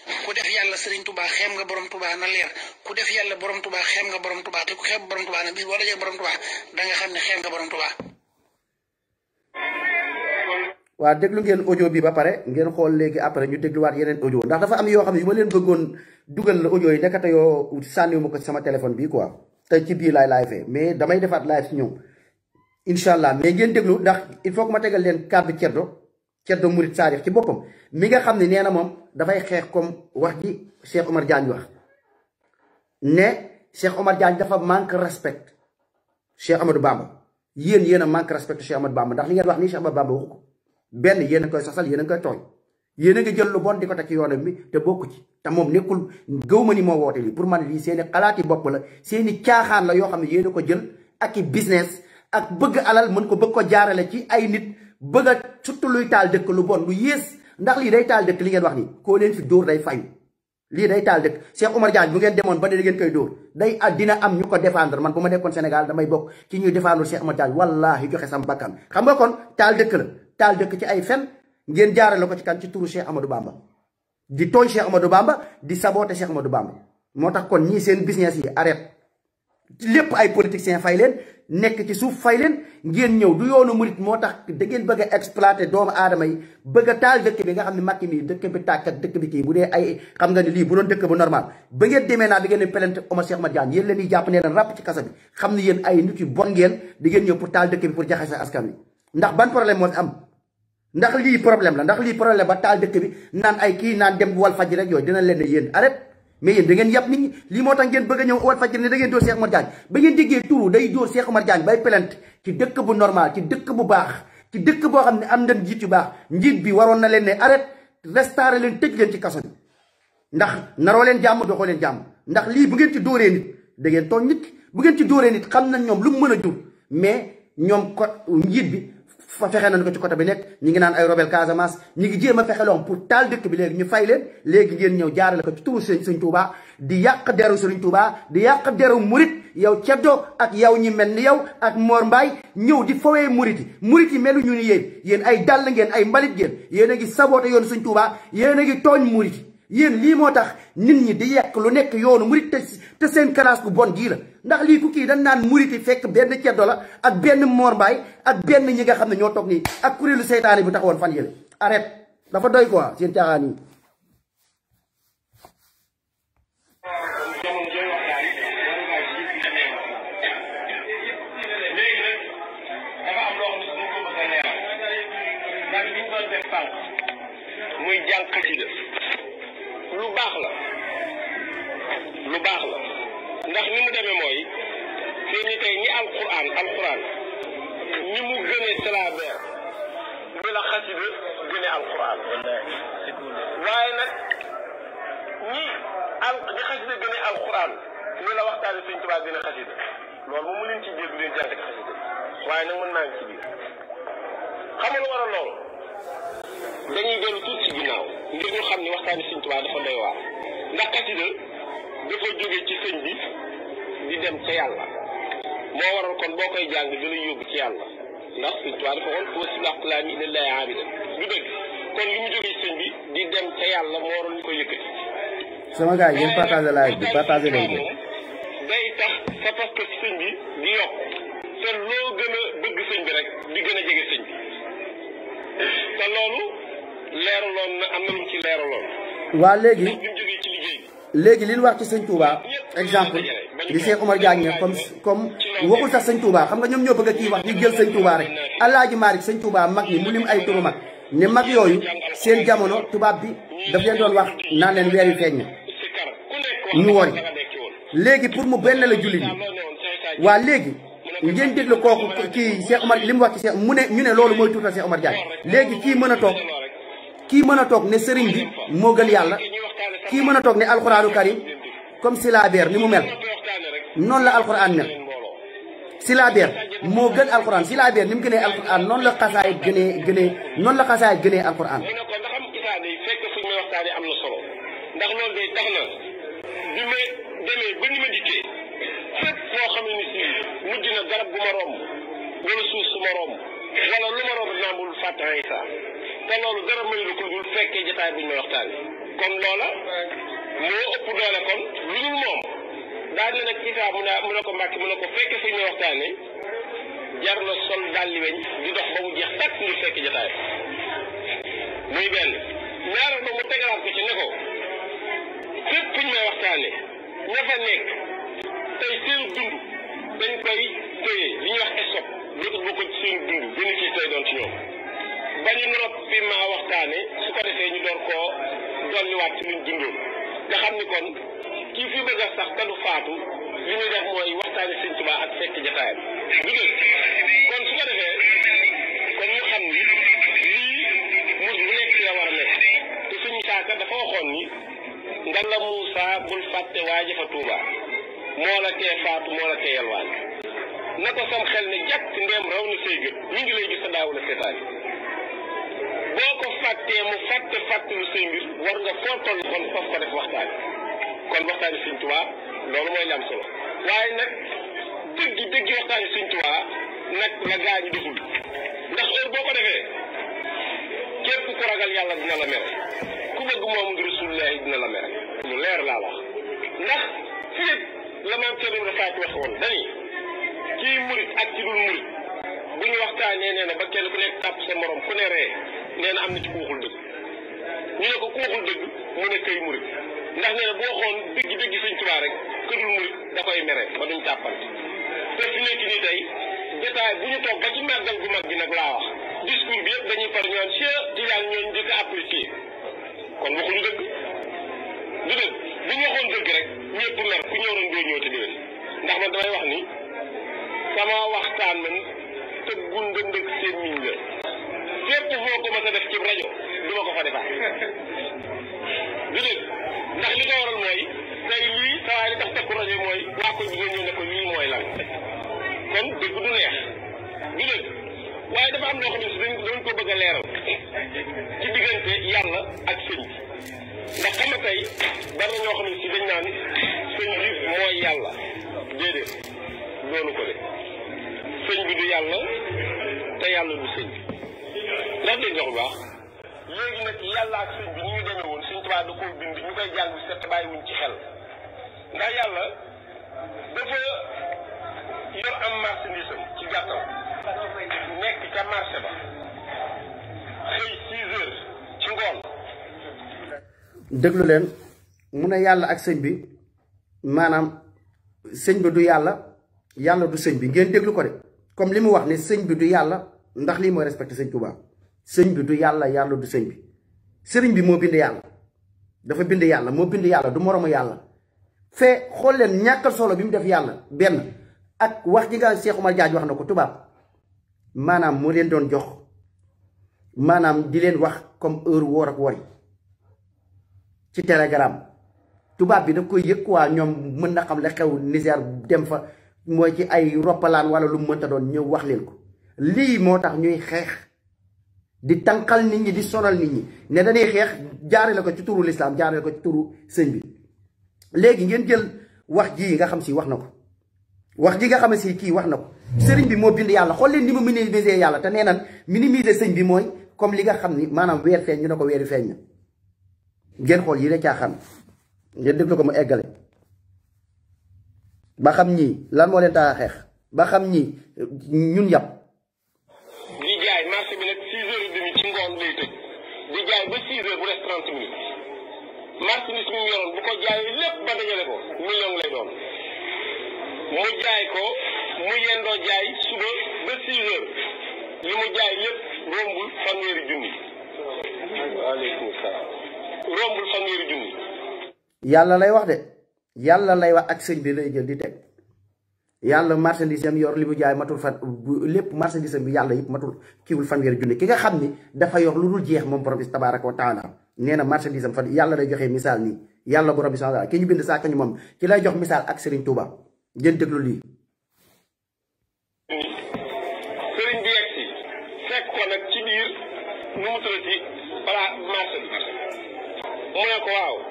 ku def yàlla sëriñ tubaa xeem nga borom tubaa na leer ku def yàlla borom tubaa xeem nga borom tubaa te ku xeem borom tubaa na bis boo dajee borom tubaa da nga xam ne xeem déglu ngeen audio bi ba pare ngeen xool léegi après ñu dégluwaat yeneen audio ndax dafa am yoo xam ne yu leen bëggoon dugal la ojo yi nekkate yoo sànniwuma ko sama téléphone bi quoi te ci bi laay laay fee mais damay defaat live si ñoom incha allah mais ngeen déglu ndax il faut que ma tegal leen kàddu ceddo do mourid sarif ci bopam mi nga xam neena mom da fay xex kom wax ji Cheikh Omar Diagne wax ne Cheikh Omar Diagne dafa manque respect Cheikh Amadou Bamba yeen yeena manque respect Cheikh Amadou Bamba ndax li ngeen wax ni Cheikh Amadou Bamba waxuko ben yeen yéen a koy sosal yéen a koy nga jël lu bon diko ko yonam bi te bokku ci ta mom nekul gawma ni mo wote li pour man li seeni xalaati bop la seeni caaxaan la yo xam yeen ko jël ak business ak bëgg alal mën ko bëgg ko jaarale ci ay nit bëgg a suttu luy taal dëkk lu bon lu yées ndax lii day taal dëkk li ngeen wax nii koo leen fi dóor day fayu lii day taal dëkk Cheikh Oumar Diagne bu ngeen demoon ba ne ngeen koy dóor day ah dina am ñu ko défendre man bu ma nekkoon Sénégal damay bokk ci ñuy défendre Cheikh Oumar Diagne wallaahi joxe sam bakkan xam nga kon taal dëkk la taal dëkk ci ay fen ngeen jaarale ko ci kan ci turu Cheikh Amadou Bamba di tooñ Cheikh Amadou Bamba di saboter Cheikh du Bamba moo tax kon ñii seen business yi arrête lépp ay politiciens fay leen nekk ci suuf fay leen ngeen ñëw du yoonu murit moo tax da ngeen bëgg a exploiter doomu aadama yi bëgg a taal dëkk bi nga xam ne Macky mii dëkk bi tàkk ak dëkk bi kii bu dee ay xam nga ne lii bu doon dëkk bu normal ba ngeen demee naa di ngeen ne pelente Omar Cheikh Madiane Diagne yéen leen di jàpp ne leen ràpp ci kasa bi xam ne yéen ay nit yu bon ngeen di ngeen ñëw pour taal dëkk bi pour jaxase askan wi ndax ban problème moo am ndax lii problème la ndax lii problème ba taal bi naan ay kii naan dem bu wal faj rek leen ne yéen arrête mais yéen da ngeen yàpp nit ñi lii moo tax ngeen bëgg a ñëw wal fajri ne da ngeen dóor Cheikh Oumar Diagne ba ngeen déggee turu day dóor Cheikh bay plainte ci dëkk bu normal ci dëkk bu baax ci dëkk boo xam ne am na njiit yu baax njiit bi waroon na leen ne arrête restauré leen tëj leen ci kaso bi ndax naroo leen jàmm doxoo leen jàmm ndax lii bu ngeen ci dooree nit da ngeen tooñ nit bu ngeen ci dooree nit xam nañ ñoom lu mu mën a jur mais ñoom ko njiit bi fa fexe nañ ko ci côté bi nekk ñi ngi naan ay rebelle Casamance ñi ngi jéem a fexe loo pour taal dëkk bi léegi ñu fay leen léegi ngeen ñëw jaarale ko ci turu sëñ sëñ di yàq deru sëñ Touba di yàq deru murit yow ceddo ak yow ñi mel ni yow ak moor Mbaay ñëw di fowee murit yi yi melu ñu ni yéen yéen ay dall ngeen ay mbalit ngeen yéen a ngi saboote yoon sëñ Touba yéen a ngi tooñ murit yi yéen lii moo tax nit ñi di yekk lu nekk yoonu murit te seen kalaas gu bon dii la ndax lii ku kii dañ naan murit yi fekk benn ceddo la ak benn Mor Mbaye ak benn ñi nga xam ne ñoo toog nii ak kuréelu seytaane bu taxawoon fan yële arrête dafa doy quoi seen caaxaan lu baax la lu baax la ndax ni mu demee mooy fii ni tey ñi alquran alquran ñi mu gënee salaabeer ñu la xasida gënee alquran waaye nag ñi al ñi xasida gënee alquran ñu la waxtaane Sëñ Tuubaa gën a loolu mu leen ci leen jàng ak waaye nag mën naa ngi ci biir xam war a loolu dañuy dellu tuuti ci ginnaaw ngir ñu xam ni waxtaani Sëriñ Tuubaa dafa doy waar ndax xasida dafa jóge ci sëñ bi di dem ca yàlla moo waral kon boo koy jàng dina yóbbu ci yàlla ndax Sëriñ Tuubaa dafa xool foo si laqlaa ni lillahi du dëgg kon li mu jógee sëñ bi di dem ca yàlla moo waral ñu ko yëkkati sama gars yi ngeen parce que sëñ bi di yokk te loo gën a bëgg sëñ bi rek di gën a jege sëñ bi te loolu leeraloon na am na lu ci leeraloon waa léegi léegi li ñu wax ci sëñ Touba exemple li Cheikh Omar Diagne comme comme waxul sax sëñ Touba xam nga ñoom ñoo bëgg a kii wax ni jël sëñ Touba rek alaaji Maalik sëñ Touba mag ñi mu lim ay turu mag ne mag yooyu seen jamono tubaab bi daf leen doon wax naan leen weer yu feeñ na ñu wori léegi pour mu benn la jullit yi waa léegi ngeen déglu kooku kii Cheikh Omar li mu wax ci Cheikh mu ne ñu ne loolu mooy tuutal Cheikh Omar Diagne léegi kii mën a toog kii mën a toog ne sëriñ bi moo gën yàlla kii mën a toog ne alxuraanu karim comme silabeer ni mu mel noonu la alxuraan mel silabeer moo gën alxuraan silabeer ni mu gënee alxuraan noonu la xasaayit gënee gënee noonu la xasaayit gënee alxuraan ndax loolu day tax na bi ma demee ba ni ma dikkee fépp wala lu ma romb naa bul fàtte Isa te loolu dara mel ni ko fekkee jotaay bu ñu waxtaan kon loola moo ëpp doole kon lu dul moom daal na nag Isa mu ne mu ne ko mbàkk mu ne ko fekke fu ñu waxtaane na sol dàlli weñ di dox ba mu jeex tàkk ngir fekk jotaay muy benn ñaaral ba mu tegalaat ko ci ne ko fépp fu ñu may waxtaane ña fa nekk tey seen dund dañ koy employés li ñuy wax ESOP dootul bokkoon ci seen dund bénéfice lay doon ci ñoom ba ñu noppi maa waxtaane su ko defee ñu door ko dolliwaat ci luñ dundoon nga xam ni kon kii fi bëgg a sax te faatu li muy def mooy waxtaane sëñ Tuubaa ak fekk jataayam du dëgg kon su ko defee kon ñu xam ni lii mur bu nekk la war te suñ saaka dafa waxoon ni nga la Muusaa bul fàtte waa jëfa Tuubaa moo la tee faatu moo la tee yalwaan na ko sam xel ne jàkk ndeem raw na say gët ngi lay gis sa daaw la boo ko fàttee mu fàtte fàttelu say mbir war nga foo toll kon foofu ko def waxtaan kon waxtaan Sëñ Tuubaa loolu mooy li am solo waaye nag dëgg dëgg waxtaan Sëñ Tuubaa nag la gaañu deful ndax heure boo ko defee képp ku ragal yàlla dina la mere ku bëgg moom ngi Rasulullah dina la mere lu leer laa wax ndax fii la maam Thierno Rafaat waxoon dani kii murit ak ci dul murit bu ñu waxtaanee nee na ba kenn ku nekk tàpp sa morom ku ne ree nee na am na ci ku dëgg ñu ne ko dëgg mu ne kay murit ndax nee na bu waxoon dëgg dëgg sëñ Tuubaa rek ku murit da koy mere ba duñ tàppante te fi nekk nii tey jotaay bu ñu toog ba ci màggal gu mag gi nag laa wax discours bi yëpp dañuy par ñoom Cheikh Tidiane kon waxuñu dëgg du dëgg bu waxoon dëgg rek ñëpp mer ku ñëw doon doo ñëw te ndax man wax sama waxtaan man tëggul ndëndëg seen miñ la certes foo ko mës a def ci rajo du ma ko fa defaat du ndax li ko waral mooy tey lii sawaay li tax takku rajo mooy waa ko jigéen ñoo ne ko lii mooy lan kon dëgg du neex du waaye dafa am loo xam si dañ ko bëgg a leeral ci diggante yàlla ak sëñ ndax xam tey bari na ñoo xam si dañ naan sëñ bi mooy yàlla déedéet doonu ko de sëñ bi du yàlla te yàlla bu baax yàlla ak sëñ bi ni ñu demee woon sëñ da koo bind ñu koy jàng set te bàyyiwuñ ci xel ndax yàlla dafa yor am marchandise am ci gàttal ci ngoon déglu leen mu ne yàlla ak sëñ bi maanaam sëñ bi du yàlla yàlla du sëñ bi ngeen déglu ko de comme li mu wax ne sëñ bi du yàlla ndax lii mooy respecté sëñ Tuubaa sëñ bi du yàlla yàlla du sëñ bi sëriñ bi moo bind yàlla dafa bind yàlla moo bind yàlla du moromu yàlla fee xool leen ñàkkal solo bi mu def yàlla benn ak wax ji nga Cheikh Oumar Diagne wax na ko tubaab maanaam mu leen doon jox maanaam di leen wax comme heure woor ak wari ci telegram tubaab bi daf koy yëg waa ñoom mën na xam la xew Niger dem fa moy ci ay ropalan wala lu meunta don ñëw wax leen ko li motax ñuy xex di tankal nit ñi di sonal nit ñi ne dañuy xex jaaré lako ko ci turu l'islam jaaré lako ko ci turu señ bi légui ngeen jël wax ji nga xam si wax nako wax ji nga xam si ki wax nako señ bi mo bind yalla xol leen ni mu minimiser yàlla te nee nan minimiser señ bi moy comme li nga xam ni manam wër feñ ñu nako wër feñ ngeen xol yi ca xam ngeen déglu ko mu eggale ba xam ñii lan moo leen taa xeex ba xam ñii ñun yàpp. di jaay marché bi nag six heures et demie ci ngoon lay tëj di jaay ba six heures bu des million lay mu jaay ko mu yendoo jaay suba ba six heures li mu jaay lépp rombul fanweeri junni. waaleykum salaam rombul junni. yàlla lay wax de. yàlla lay wax ak sëñ bi lay jël di teg yàlla marchandise am yor li mu jaay matul fan lépp marchandise am bi yàlla yëpp matul kiiwul fanweeri junni ki nga xam ni dafa yor lu dul jeex moom borom bi tabaaraka wa taala nee na marchandise am fan yàlla lay joxe misaal nii yàlla borom bi subhaanahu ki ñu bind saaka ñu moom ki lay jox misaal ak Serigne waaw.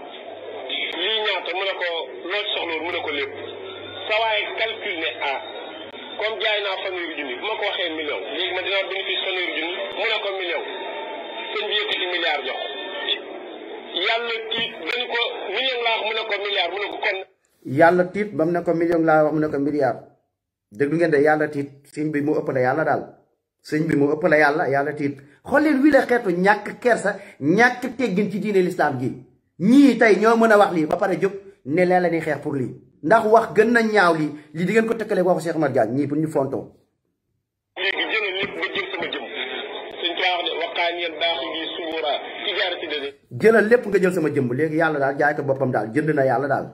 lii ñaata mu ne ko loolu soxla mu ne ko lépp saa calcul ne ah comme jaay naa fanweeri junni bu ma ko waxee million léegi ma dinaa bénéfice fanweeri junni mu ne ko million sëñ bi yëkkati milliard jox yàlla tiit dañ million laa wax mu ne ko milliard mu ne ko kon. yàlla tiit ba mu ne ko million laa wax mu ne ko milliard déglu ngeen de yàlla tiit sëñ bi mu ëppale yàlla daal sëñ bi mu ëppale yàlla yàlla tiit xool wii la xeetu ñàkk kersa ñàkk teggin ci diine lislaam ñii tey ñoo mën a wax lii ba pare jóg ne leen la ñuy xeex pour lii ndax wax gën na ñaaw lii lii di ngeen ko tëkkale waxu Cheikh Omar Diagne ñii pour ñu fontoo. léegi lépp jëlal lépp nga jël sama jëmm léegi yàlla daal jaay ko boppam daal jënd na yàlla daal.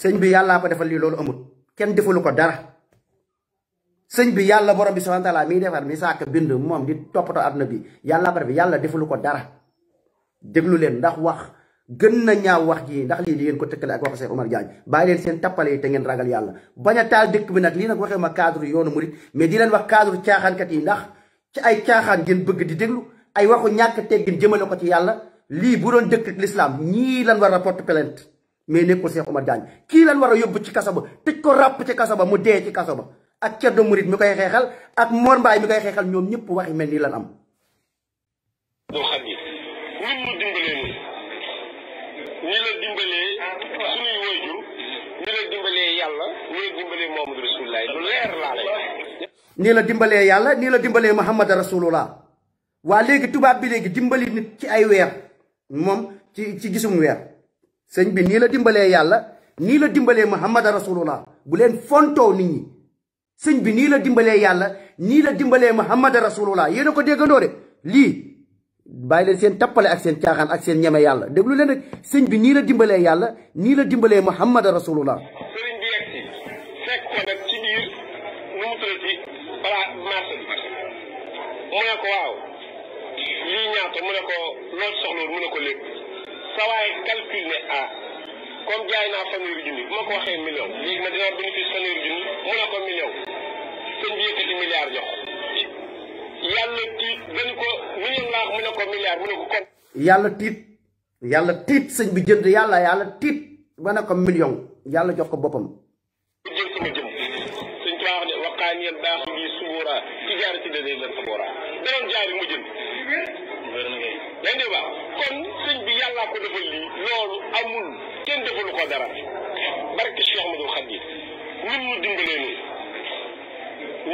sëñ bi yàllaa ko defal lii loolu amul kenn defalu ko dara sëñ bi yàlla borom bi subhaana taala miy defar mi saaka bind moom di toppatoo àdduna bi yàlla bar bi yàlla defulu ko dara déglu leen ndax wax gën na ñaaw wax ji ndax lii di ngeen ko tëkkale ak wax Cheikh Omar Diagne bàyyi leen seen tappale yi te ngeen ragal yàlla bañ a taal dëkk bi nag lii nag waxee ma cadre yoonu murit mais di leen wax cadre caaxaankat yi ndax ci ay caaxaan ngeen bëgg di déglu ay waxu ñàkk teggin jëmale ko ci yàlla lii bu doon dëkk ak l'islam ñii lan war a porte plainte mais nekkul Cheikh Omar Diagne kii lan war a ci kaso ba tëj ko ràpp ci kaso ba mu dee ci kaso ba ak Thierno Mouride mi koy xeexal ak Mor mi koy xeexal ñoom ñëpp waxi mel nii ni la dimbalee suñuy wayjur yàlla ñu la dimbalee Muhammad Rasulullah lu leer nii la dimbalee yàlla nii waa léegi tubaab bi léegi dimbali nit ci ay weer moom ci ci gisum weer sëñ bi nii la dimbalee yàlla nii la dimbalee Muhammad Rasulullah bu leen fontoo nit ñi. sëñ bi nii la dimbalee yàlla nii la dimbalee muhammad rasulullah yéen a ko déggandoo de lii bàyyi leen seen tappale ak seen caaxaan ak seen ñeme yàlla déglu leen rek sëñ bi nii la dimbalee yàlla nii la dimbalee muhammad rasulullah sëriñ bi yegg si comme jaay naa fanweeri junni bu ma ko waxee million léegi ma dinaa bénéfice fanweeri junni mu ne ko million sëñ bi yëkkati milliard jox yàlla tiit dañ ko million laax mu ne ko milliard mu ne ko kon yàlla tiit yàlla tiit sëñ bi jënd yàlla yàlla tiit ba ne ko million yàlla jox ko boppam jël sama jëm sëñ ci wax de waqaaniyal baax gi suburaa tijaara ci dëdëy la suburaa danoon jaay mu jënd leen di baax kon sëñ bi yàllaa ko defal lii loolu amul kenn defalu ko dara barke Cheikh Ahmadou Khadi. ñun ñu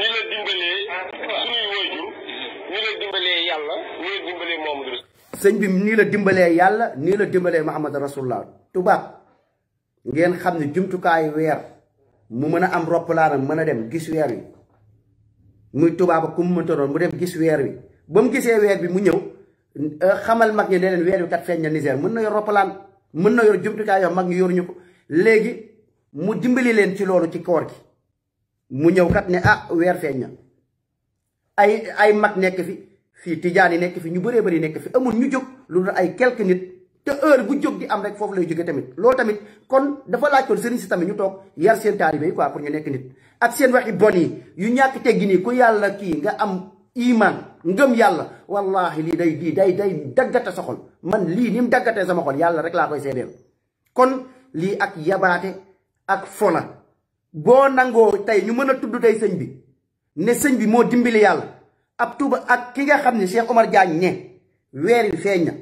la la bi ni la yalla ni la Muhammad Rasulullah Tuba. ngeen xamni jumtu kay weer mu meuna am dem gis weer wi muy tuba ba kum meunta ron mu dem gis weer wi ba gisee weer bi mu ñew xamal mag ñi weer wi kat feñ na Niger mën mën na yor jumtukaay yoo mag ñu yoruñu ko léegi mu dimbali leen ci loolu ci koor gi mu ñëw kat ne ah weer feeñ na ay ay mag nekk fi fii tijaan yi nekk fi ñu bare bari nekk fi amul ñu jóg lu dul ay quelques nit te heure bu jóg di am rek foofu lay jóge tamit loolu tamit kon dafa laajoon sëriñ si tamit ñu toog yar seen taalibe yi quoi pour ñu nekk nit ak seen waxi bon yi yu ñàkk teggi nii ku yàlla kii nga am iman ngëm yàlla wallahi lii day lii day day daggate sa xol man lii ni mu daggatee sama xol yàlla rek laa koy seedeel kon lii ak yabaate ak fola boo nangoo tey ñu mën a tudd tey sëñ bi ne sëñ bi moo dimbali yàlla ab tuba ak ki nga xam ne Cheikh Omar Diagne ne weer wi feeñ na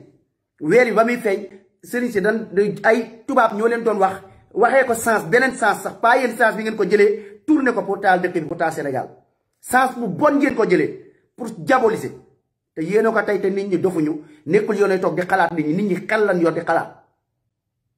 weer wi ba muy feeñ sëriñ si dan ay tubaab ñoo leen doon wax waxee ko sens beneen sens sax pas yéen sens bi ngeen ko jëlee tourné ko pour taal dëkk bi pour taal Sénégal sens bu bon ngeen ko pour diaboliser te yéena ko tey te nit ñi dofuñu nekkul yoonay toog di xalaat nit ñi nit ñi xel lañ yor di xalaat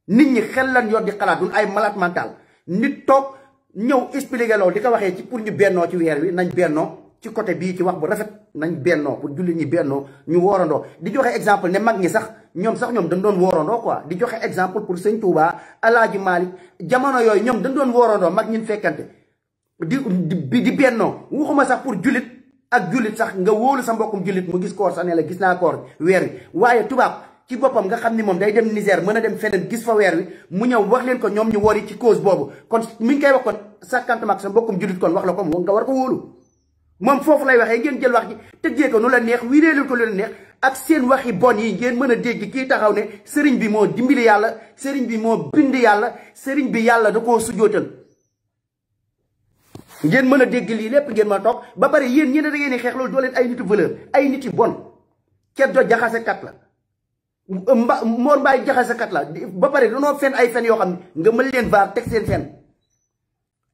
nit ñi xel lan yor di xalaat ay malaat mental nit toog ñëw expliqué loolu di ko waxee ci pour ñu bennoo ci weer wi nañ bennoo ci côté bii ci wax bu rafet nañ bennoo pour julli ñi bennoo ñu woorandoo di joxe exemple ne mag ñi sax ñoom sax ñoom dañ doon woorandoo quoi di joxe exemple pour sëñ Touba Alaaji Malick jamono yooyu ñoom dañ doon woorandoo mag ñun fekkante di di bennoo ak julit sax nga wolu sa mbokum julit mu gis koor sa ne la gis na koor wer waye waaye ci bopam nga xamni ni day dem Niger meuna dem fenen gis fa wer wi mu ñew wax leen ko ñom ñu wori ci cause boobu kon mi ngi kay wax kon 50 ak sa mbokum julit kon wax la ko moom nga war ko wolu mom fofu lay waxe ngeen jël wax ji tëjee ko nu la neex wiireelu ko lu la neex ak seen waxi bon yi ngeen meuna dégg taxaw ne serigne bi mo dimbali yalla serigne bi mo bind yalla serigne bi yalla da ko ngeen mën a dégg lii lépp ngeen ma toog ba pare yéen ñeneen da ngeen ni xeex loolu doo leen ay nitu ay nit yu bon ceddo jaxase kat la mba Mor Mbaye jaxase kat la ba pare danoo fen ay fen yoo xam ne nga mën leen vaar teg seen fen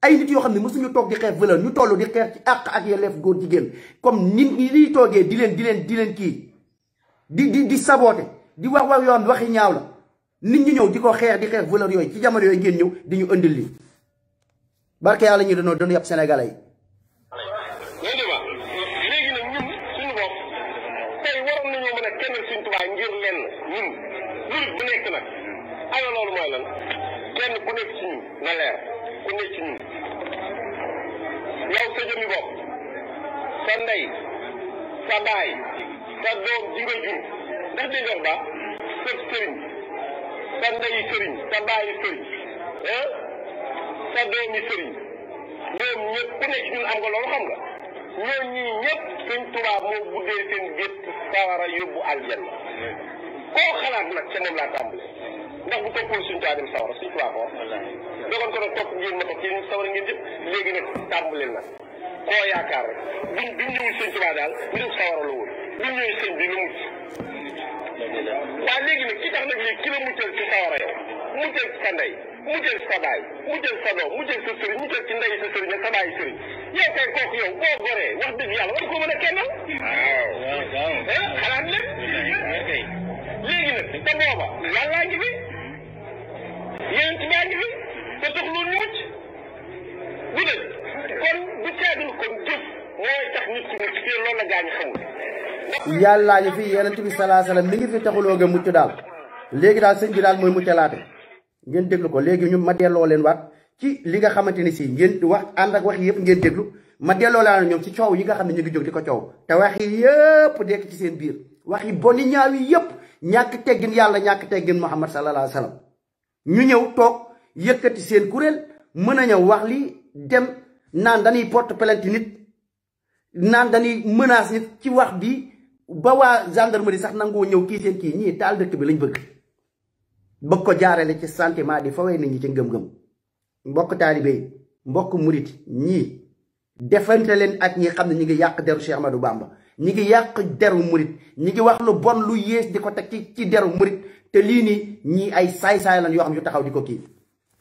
ay nit yoo xam ne mësuñu toog di xeex valeur ñu tollu di xeex ci àq ak yelleef góor jigéen comme nit lii liy toogee di leen di leen di leen kii di di di saboote di wax wax yoo xam ne waxi ñaaw la nit ñi ñëw di ko xeex di xeex valeur yooyu ci jamono yooyu ngeen ñëw di ñu lii barke yàlla ñu doon yàpp sénégalais yi. na leer ku nekk ci ñun yow sa jëmmi bopp sa ndey sa baay sa doom ji nga jur ndax dégg nga ba sa sëriñ sa ndeyu sëriñ sa baayu sëriñ ah sa doomi sëriñ ñoom ñëpp ku nekk ñun am nga loolu xam nga ñoo ñii ñëpp suñ tubaab moo buddee seen gétt sawara yóbbu aljanna koo xalaat nag ca laa tàmbale ndax bu toppul suñ caa dem sawara suñ tubaab ko wax dogon topp ngeen na ko ci sawara ngeen jëpp léegi nag tàmbaleel nag koo yaakaar rek biñ biñ ñëwul suñ tubaab daal mbirum sawara la woon biñ ñëwul bi lu mucc waaw nag ki mu jël sa baay mu sa sëriñ mu ci ndey sa sëriñ ak sa kooku yow boo goree wax dëgg yàlla war ko mën a kennal. Eh, léegi nag te booba yàllaa ngi mucc bu dëgg fii loolu la gaañ xamul. ngi fi yonent bi daal léegi daal sëñ bi daal mooy muccalaate. ngeen deglu ko legi ñu ma delo len wat ci li nga xamanteni ci si ngeen wax and ak wax yëpp ngeen deglu ma delo la ñom ci ciow yi nga xam ñu ngi jog di ko coow te wax yi yëpp dekk ci seen biir wax yi boni ñaaw yi ñak teggin yalla ñak teggin muhammad sallallahu alayhi Wasallam, ñu ñew tok yëkkati seen kurel mën wax li dem naan dañuy porte plainte nit naan dañuy menace nit ci wax bi ba wa gendarmerie sax nangoo ñew ki seen ki ñi tal dekk bi lañ bëgg bëgg ko jaarale ci sentiment di fawee nit ñi ci ngëm-ngëm mbokk taalibe yi mbokk murit ñii defante leen ak ñi xam ne ñi ngi yàq deru Cheikh Ahmadou Bamba ñi ngi yàq deru murit ñi ngi wax lu bon lu yées di ko teg ci ci deru murit te lii nii ñii ay saay-saay lan yoo xam yu taxaw di ko kii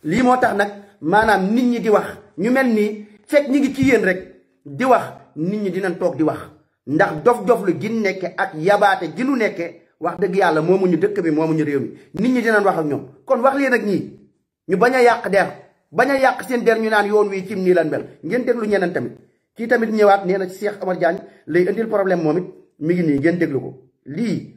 lii moo tax nag maanaam nit ñi di wax ñu mel nii fekk ñi ngi ci yéen rek di wax nit ñi dinañ toog di wax ndax dof dof lu gin nekke ak yabaate ginu nekke wax dëgg yàlla ñu dëkk bi moomuñu réew mi nit ñi dinañ wax ak ñoom kon wax leen ak ñii ñu bañ a yàq der bañ a yàq seen der ñu naan yoon wi cim nii lan mel ngeen déglu ñeneen tamit kii tamit ñëwaat nee na Cheikh Omar Diagne lay indil problème moom it mi ngi nii ngeen déglu ko lii.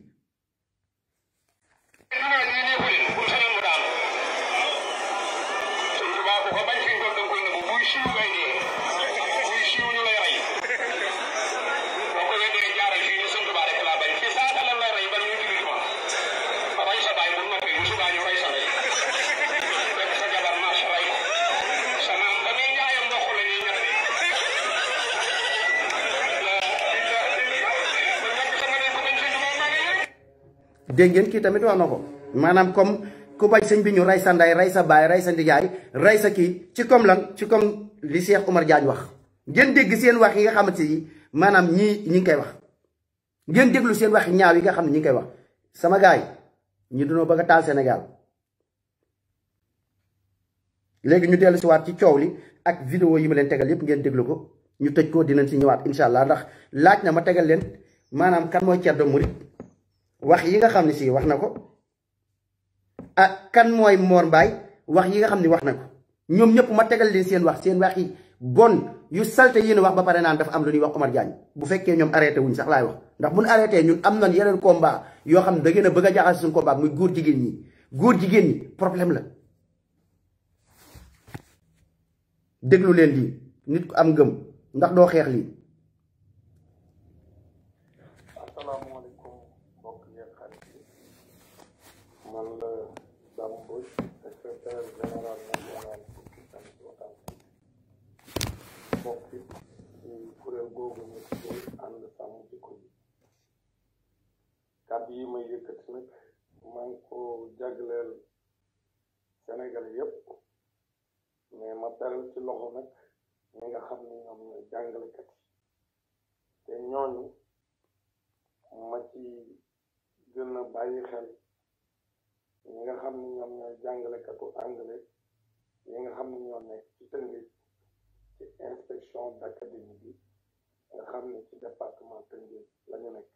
dégg ngeen kii tamit wax na ko maanaam comme ku bañ sëñ bi ñu rey sa ndey rey sa baay rey sa ndijaay rey sa kii ci comme lan ci comme li Cheikh Omar Diagne wax ngeen dégg seen wax yi nga xamante ni maanaam ñii ñi ngi koy wax ngeen déglu seen wax ñaaw yi nga xam ne ñi ngi koy wax sama gaay ñi dunoo bëgg a taal Sénégal léegi ñu dellu si ci coow li ak video yi ma leen tegal yépp ngeen déglu ko ñu tëj ko dina si ñëwaat incha allah ndax laaj na ma tegal leen maanaam kan mooy ceddo murit wax yi nga xam ne si wax na ko ah kan mooy moor Mbaye wax yi nga xam ne wax na ko ñoom ñëpp ma tegal leen seen wax seen wax yi bon yu salte yéen wax ba pare naan daf am lu ñuy wax Omar Diagne bu fekkee ñoom arrêté wuñ sax laay wax ndax bu ñu arrêté ñun am na yeneen combat yoo xam ne da na a bëgg a jaxase suñu combat muy góor jigéen ñi góor jigéen ñi problème la. déglu leen lii nit ku am ngëm ndax doo xeex lii. bopp kuréel googu ñu tuddee ànd sàmm jikko yi kàddu yi may yëkkati nag maa ngi ko jagleel Sénégal yépp mais ma beral ci loxo nag ñi nga xam ne ñoom ñooy jàngalekat yi te ñooñu ma ci gën a bàyyi xel ñi nga xam ne ñoom ñooy jàngalekatu anglais yi nga xam ne ñoo nekk ci Tëngéej ci inspection d' bi nga xam ne ci département Tëngéej la ñu nekk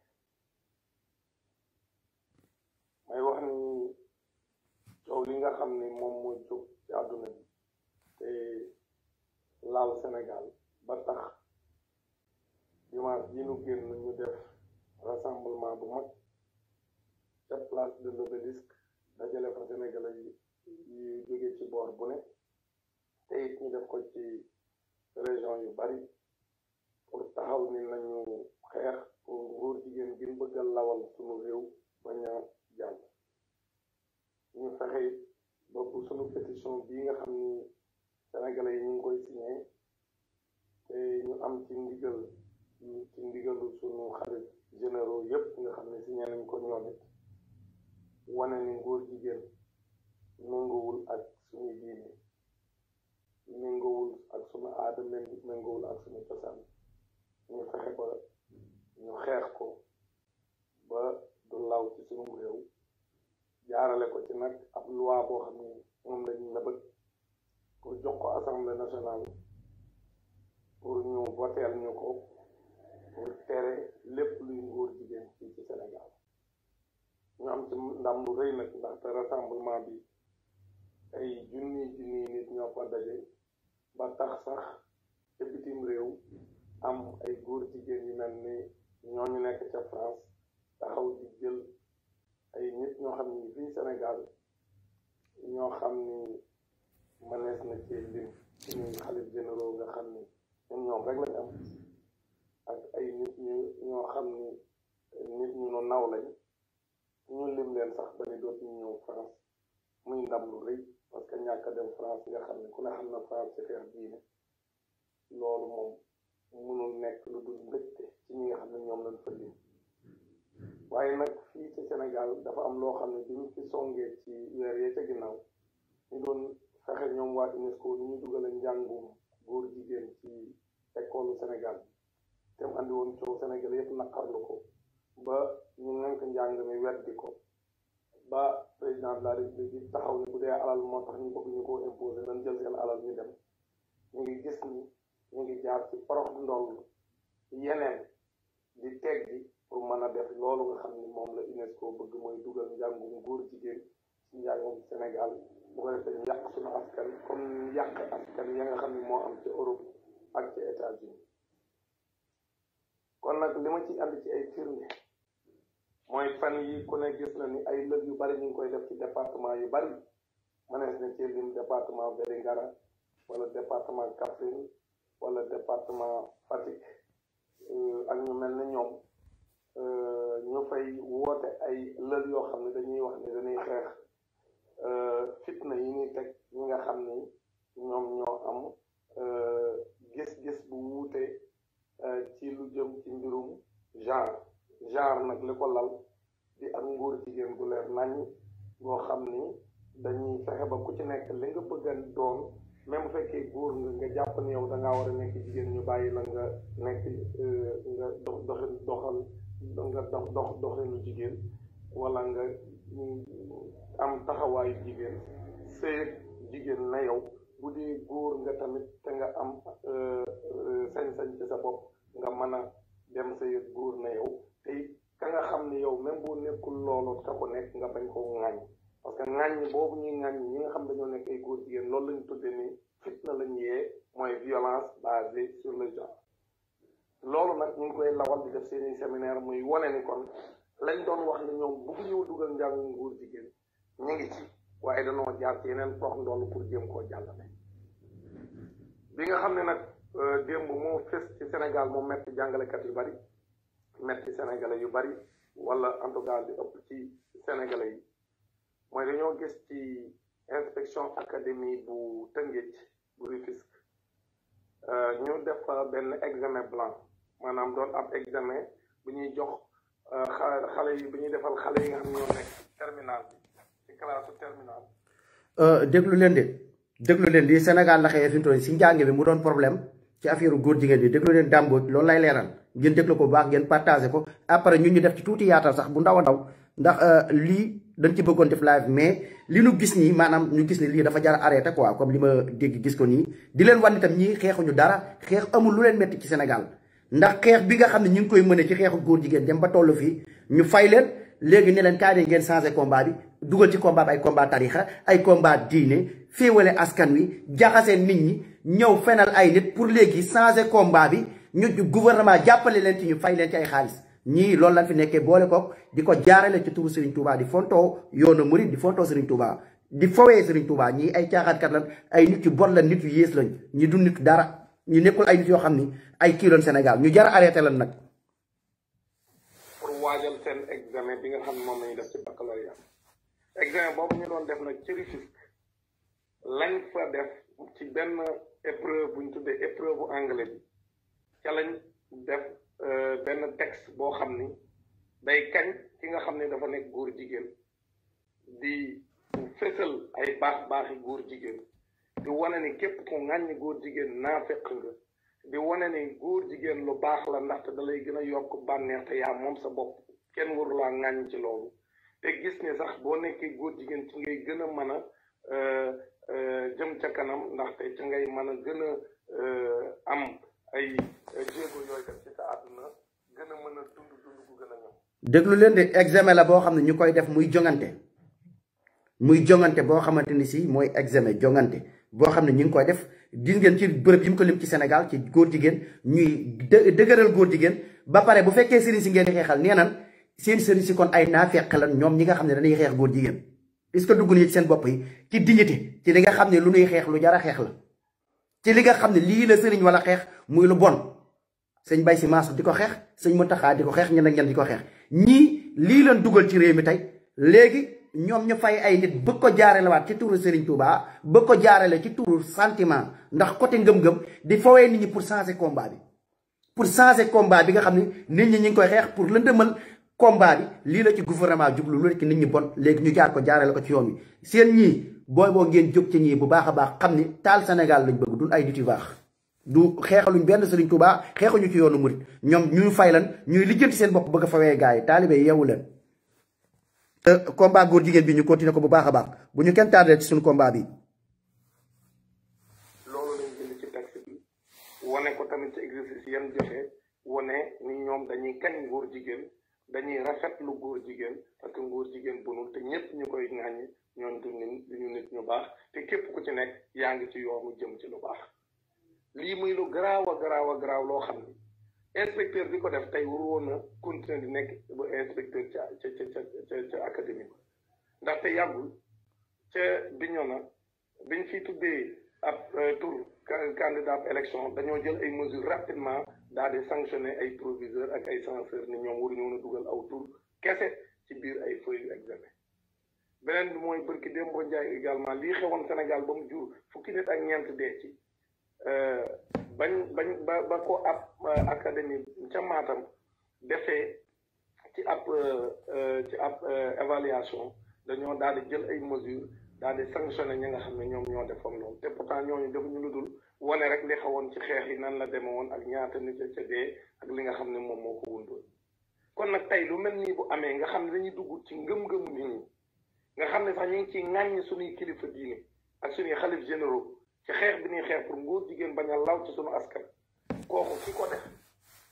may wax ni coow li nga xam ne moom moo jóg ci àdduna bi te laal Sénégal ba tax dimanche yi nu génn ñu def rassemblement bu mag ca place de l'obélisque dajale fa Sénégalais yi yu jóge ci boor bu ne te it ñu def ko ci région yu bari pour taxaw ni nañu xeex pour góor jigéen gi mu lawal sunu réew bañ a jàll ñu fexe it ba bu sunu pétition bii nga xam ni sénégalais yi ñu ngi koy signé te ñu am ci ndigal ci ndigalu sunu xarit généraux yépp nga xam ne signé nañ ko ñoom wane ni góor jigéen méngoowul ak suñu diine méngoowul ak sunu aada méngoowul ak sunu cosaan ñu fexe ba ñu xeex ko ba du law ci sunu réew jaarale ko ci nag ab loi boo xam ne moom lañu nëbët pour jox ko assemblée nationale pour ñu voteel ñu ko pour tere lépp luy ngóor jigéen fii ci Sénégal ñu am ci ndam lu rëy nag ndaxte rassemblement bi ay junni junni nit ñoo fa ba tax sax ca bitim réew am ay góor jigéen yu mel ni ñooñu nekk ca France taxaw di jël ay nit ñoo xam ni fii Sénégal ñoo xam ni mënees na ci lim suñuy xalif généraux nga xam ni ñoom ñoom rek lañ ak ay nit ñu ñoo xam ni nit ñu nu naw lañ ñu lim leen sax ba ni dootuñu ñëw France muy ndam lu rëy parce que ñàkk dem France nga xam ne ku ne xam na France affaire diine loolu moom mënul nekk lu dul mbégte ci ñi nga xam ne ñoom lañ fa lim waaye nag fii ci Sénégal dafa am loo xam ne bi ñu ci songee ci weer yee ca ginnaaw ñu doon fexe ñoom waa UNESCO ni ñu dugale njàngum góor jigéen ci école Sénégal te mu andi woon coow Sénégal yëpp naqarlu ko ba ñu ngank njàng mi ba président de la république taxaw ne bu dee alal moo tax ñu bëgg ñu koo imposé nan jël seen alal ñu dem ngi gis ni ngi jaar ci porox ndong yeneen di teg bi pour mën a def loolu nga xam ni moom la UNESCO bëgg mooy dugal njàngum góor jigéen ci njàngum Sénégal bu ko defee yàq suñu askan comme yàq askan ya nga xam ni moo am ci Europe ak ci États-Unis kon nag li ci andi ci ay mooy fan yi ku ne gis na ni ay lëg yu bari ñu ngi koy def ci département yu bari mënees na ci lim département Vélingara wala département Kaffrine wala département Fatick euh, ak ñu mel ne ñoom euh, ñu fay woote ay lël yoo xam ne dañuy wax ne dañuy xeex euh, fitna yi ñuy teg ñi nga xam ni ñoom ñoo am gis-gis bu wuute ci lu jëm ci mbirum genre genre nag li ko lal di ak nguur jigéen bu leer nañ boo xam ni dañuy fexe ba ku ci nekk li nga bëgg a doon même fekkee góor nga nga jàpp ni yow da ngaa war nekk jigéen ñu bàyyi la nga nekk euh, nga dox doxin doxal nga dox dox jigéen wala nga mm, am taxawaayu jigéen seeg jigéen na yow bu dee góor nga tamit te nga am euh, euh, sañ-sañ ci sa pop nga mën a dem sa yëg góor na yow te ka nga xam ne yow même boo nekkul loolu taxu nekk nga bañ koo ŋañ parce que ŋañ boobu ñuy ŋañ ñi nga xam dañoo nekk ay góor jigéen loolu lañu tudde ni fitna lañ yee mooy violence basée sur le genre loolu nag ñu ngi koy lawal di def seeni séminaire muy wane ni kon lañ doon wax ne ñoom bëgg ñëw dugal njàngum góor jigéen ñu ngi ci waaye danoo jaar ci yeneen toox ndoll pour jéem koo jàllale bi nga xam ne nag euh, démb moo fës ci Sénégal moo metti jàngalekat yu bari ci sénégalais yu bari walla en tout cas li ëpp ci sénégalais yi mooy dañoo gis ci inspection académie bu Tëngéej bu Rufisque euh, ñu def benn examen blanc maanaam doon ab examen bu ñuy jox euh, xale yi bu ñuy defal xale yi nga xam ñoo nekk terminal bi ci classe terminal euh, déglu leen de déglu leen di Sénégal la xëyee fi mu toll si njàng bi mu doon problème ci affaire góor jigéen bi déglu leen dàmbooj loolu lay leeral ngeen déglu ko bu baax ngeen partagé ko après ñun ñu def ci tuuti yaatal sax bu ndaw a ndaw ndax euh, lii dañ ci bëggoon def live mais li nu gis nii maanaam ñu gis ni lii dafa jar arrêté quoi comme li ma dégg gis ko nii di leen wan itam ñii ñu dara xeex amul lu leen métti ci Sénégal ndax xeex bi nga xam ne ñu ngi koy mëne ci xeexu góor jigéen dem ba tollu fii ñu fay leen léegi ne leen kaay ngeen changé combat bi dugal ci combat bi ay combat tarixa ay combat diine féewale askan wi jaxasee nit ñi ñëw fenal ay nit pour léegi changé combat bi ñu gouvernement jàppale leen ci ñu fay leen ci ay xaalis ñii loolu lañ fi nekkee boole ko di ko jaarale ci turu Serigne Touba di fontoo yoonu murid di fontoo Serigne Touba di fowee Serigne Touba ñii ay caaxaankat lan ay nit yu bon la nit yu yées lañ ñi du nit dara ñu nekkul ay nit yoo xam ni ay kii loon Sénégal ñu jar arrêté lan nag. pour waajal examen xam ne moom la ñu def ci baccalauréat examen boobu ñu doon def nag ci Rufisque lañ fa def ci benn épreuve bu ñu tuddee épreuve bu anglais ca def euh, benn texte boo xam ni day kañ ki nga xam ne dafa nekk góor jigéen di fésal ay baax baaxi góor jigéen di wane ni képp ku ŋàññi góor jigéen naa fekk nga di wane ni góor jigéen lu baax la ndaxte dalay gën a yokk bànneex te yaa moom sa bopp kenn warulaa ŋàññ ci loolu te gis ni sax boo nekkee góor jigéen ci ngay gën a mën a euh, euh, jëm ca kanam ndaxte ci ngay mën a gën a am ay jéego déglu leen de examen la boo xam ne ñu koy def muy jongante muy jongante boo xamante ni si mooy examen jongante boo xam ne ñu ngi koy def gis ngeen ci bërëb yi mu ko lim ci senegal ci góor jigéen ñuy dë dëgëral góor jigéen ba pare bu fekkee sëriñ si ngeen xeexal nee seen sëriñ si kon ay naa naafeq la ñoom ñi nga xam ne dañuy xeex góor jigéen est-ce que dugg nañu ci seen bopp yi ci dignité ci li nga xam ne lu ñuy xeex lu jar a xeex la. ci li nga xam ne lii la sëriñ wala xeex muy lu bon sëñ bay si maasu di ko xeex sëñ Muntaxa di ko xeex ñenn ak di ko xeex ñii lii leen dugal ci réew mi tey léegi ñoom ñu fay ay nit bëgg ko jaarale waat ci turu Serigne Touba bëgg ko jaarale ci turu sentiment ndax côté ngëm-ngëm di foowee nit ñi pour changer combat bi. pour changer combat bi nga xam ne nit ñi ñu ngi koy xeex pour lëndëmal combat bi lii la ci gouvernement jublu lu ci nit ñi bon léegi ñu jaar ko jaarale ko ci yoon wi seen ñii booy boo ngeen jóg ci ñii bu baax a baax xam ni taal Sénégal lañ bëgg. duñ ay yu baax du xeexaluñ benn sa sëriñ Tuubaa xeexuñu ci yoonu murit ñoom ñuy fay lan ñuy lijjanti seen bopp bëgg a fawee gars yi taalibe yeewu leen te euh, combat góor jigéen bi ñu continuer ko bu baax a baax bu ñu kenn tardé ci suñ combat bi loolu ko tamit ci exercice yan joxe wane ñoom dañuy kañ góor jigéen dañuy rafetlu góor jigéen parce que ngóor jigéen bunul te ñëpp ñu koy ŋàññi ñoon du ñu nit ñu baax te képp ku ci nekk yaa ngi ci yoonu jëm ci lu baax lii muy lu garaaw a garaaw a garaaw loo xam ni inspecteur bi ko def tey waru woon a continuer di nekk ba inspecteur ca ca ca ca académie ba ndaxte yàggul ca biñoo na biñ fi tuddee ab euh, tur candidat ab élection dañoo jël ay mesures rapidement daal di sanctionné ay proviseur ak ay censeur ni ñoom waruñu mën a dugal aw tur kese ci biir ay feuilles examen beneen bi mooy barki Dembo Ndiaye également lii xewoon Sénégal ba jur fukki nit ak ñeent dee ci euh, bañ bañ ba ba ko ab euh, académie ca Matam defee ci ab euh, ci ab évaluation dañoo daal di jël ay mesures daal di sanctionné ñi nga xam ne ñoom ñoo defoon loolu te pourtant ñooñu defuñu lu dul. wane rek li xawoon ci xeex yi nan la deme woon ak ñaata nit a ca dee ak li nga xam ne moom moo ko kon nag tey lu mel nii bu amee nga xam ne dañuy dugg ci ngëm-ngëm nit nga xam ne sax ñu ngi ciy ŋàññi suñuy kilifa diine ak suñuy xalif généro ci xeex bi ñuy xeex pour ngóor jigéen ba a law ci suñu askan kooku ki ko def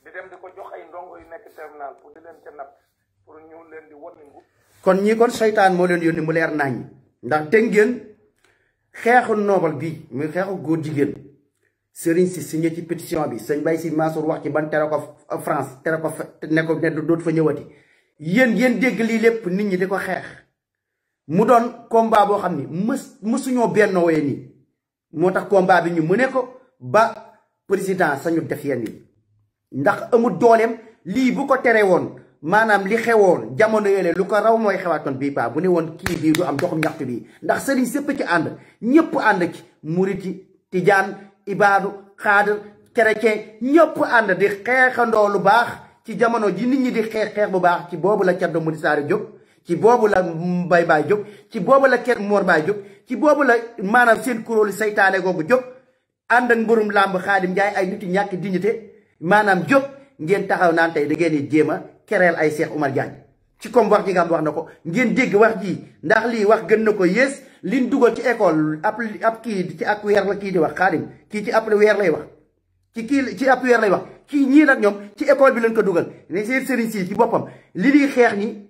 di dem di ko jox ay ndongo yu nekk terminal pour di leen ca natt pour ñu leen di wan kon ñii kon seytaan moo leen yoon mu leer naññ ndax dégg ngeen xeexu noobal bii muy xeexu góor jigéen sëriñ si signé ci petition bi sëñ Baye Sy Mansour wax ci ban tere ko France tere ko ne ko ne dootu fa ñëwati yéen yéen dégg lii lépp nit ñi di ko xeex mu doon combat boo xam ni mës mësuñoo benn yee nii moo tax combat bi ñu ne ko ba président sañu def yenn yi ndax amul dooleem lii bu ko tere woon maanaam li xewoon jamono yële lu ko raw mooy xewaatoon bii paa bu ne woon kii bii du am doxum ñaxtu bii ndax sëriñ sëpp ci ànd ñëpp ànd ci mu yi tijaan ibaadu xaadir chrétien ñëpp ànd di xeexandoo lu baax ci jamono ji nit ñi di xeex xeex bu baax ci boobu la Thierno Moulé Sarr jóg ci boobu la Mbaye Baye jóg ci boobu la ker moor Baye jóg ci boobu la maanaam seen kuréelu saytaane googu jóg ànd ak mbërum làmb Xaadim Njaay ay nit ñàkk dignité maanaam jóg ngeen taxaw naan tey da ngeen di jéem a kereel ay Cheikh Oumar Diagne ci comme wax ji nga wax na ko ngeen dégg wax ji ndax li wax gën na ko yées liñ dugal ci école ap ap ki ci ak la ki di wax xaadim ki ci ap weer lay wax ci ki ci ap weer lay wax ki ñi nak ñom ci école bi lañ ko dugal ni seen sëriñ si ci bopam li di xex ni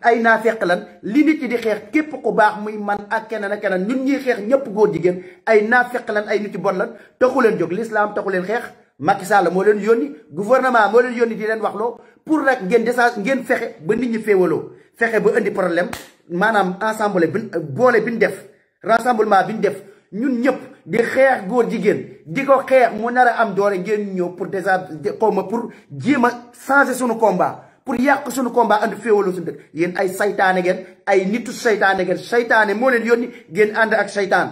ay naa lan li nit ci di xex kep ku bax muy man ak kenen ak kenen ñun ñi xex ñëpp goor jigen ay naa lan ay nit ci bon lan taxu leen jog l'islam taxu leen xex Macky Sall mo leen yoni gouvernement mo leen yoni di leen wax lo pour rek ngeen desag ngeen fexé ba nit ñi féewaloo fexé ba andi problème maanaam ensemble bi boole bi ñu def rassemblement bi ñu def ñun ñëpp di xeex góor jigéen di ko xeex mu nar a am doole ngeen ñëw pour déjà xaw ma pour jéem a changer suñu combat pour yàq suñu combat ànd féewaloo suñu dëkk yéen ay saytaane ngeen ay nitu saytaane ngeen saytaane moo leen yónni ngeen ànd ak saytaan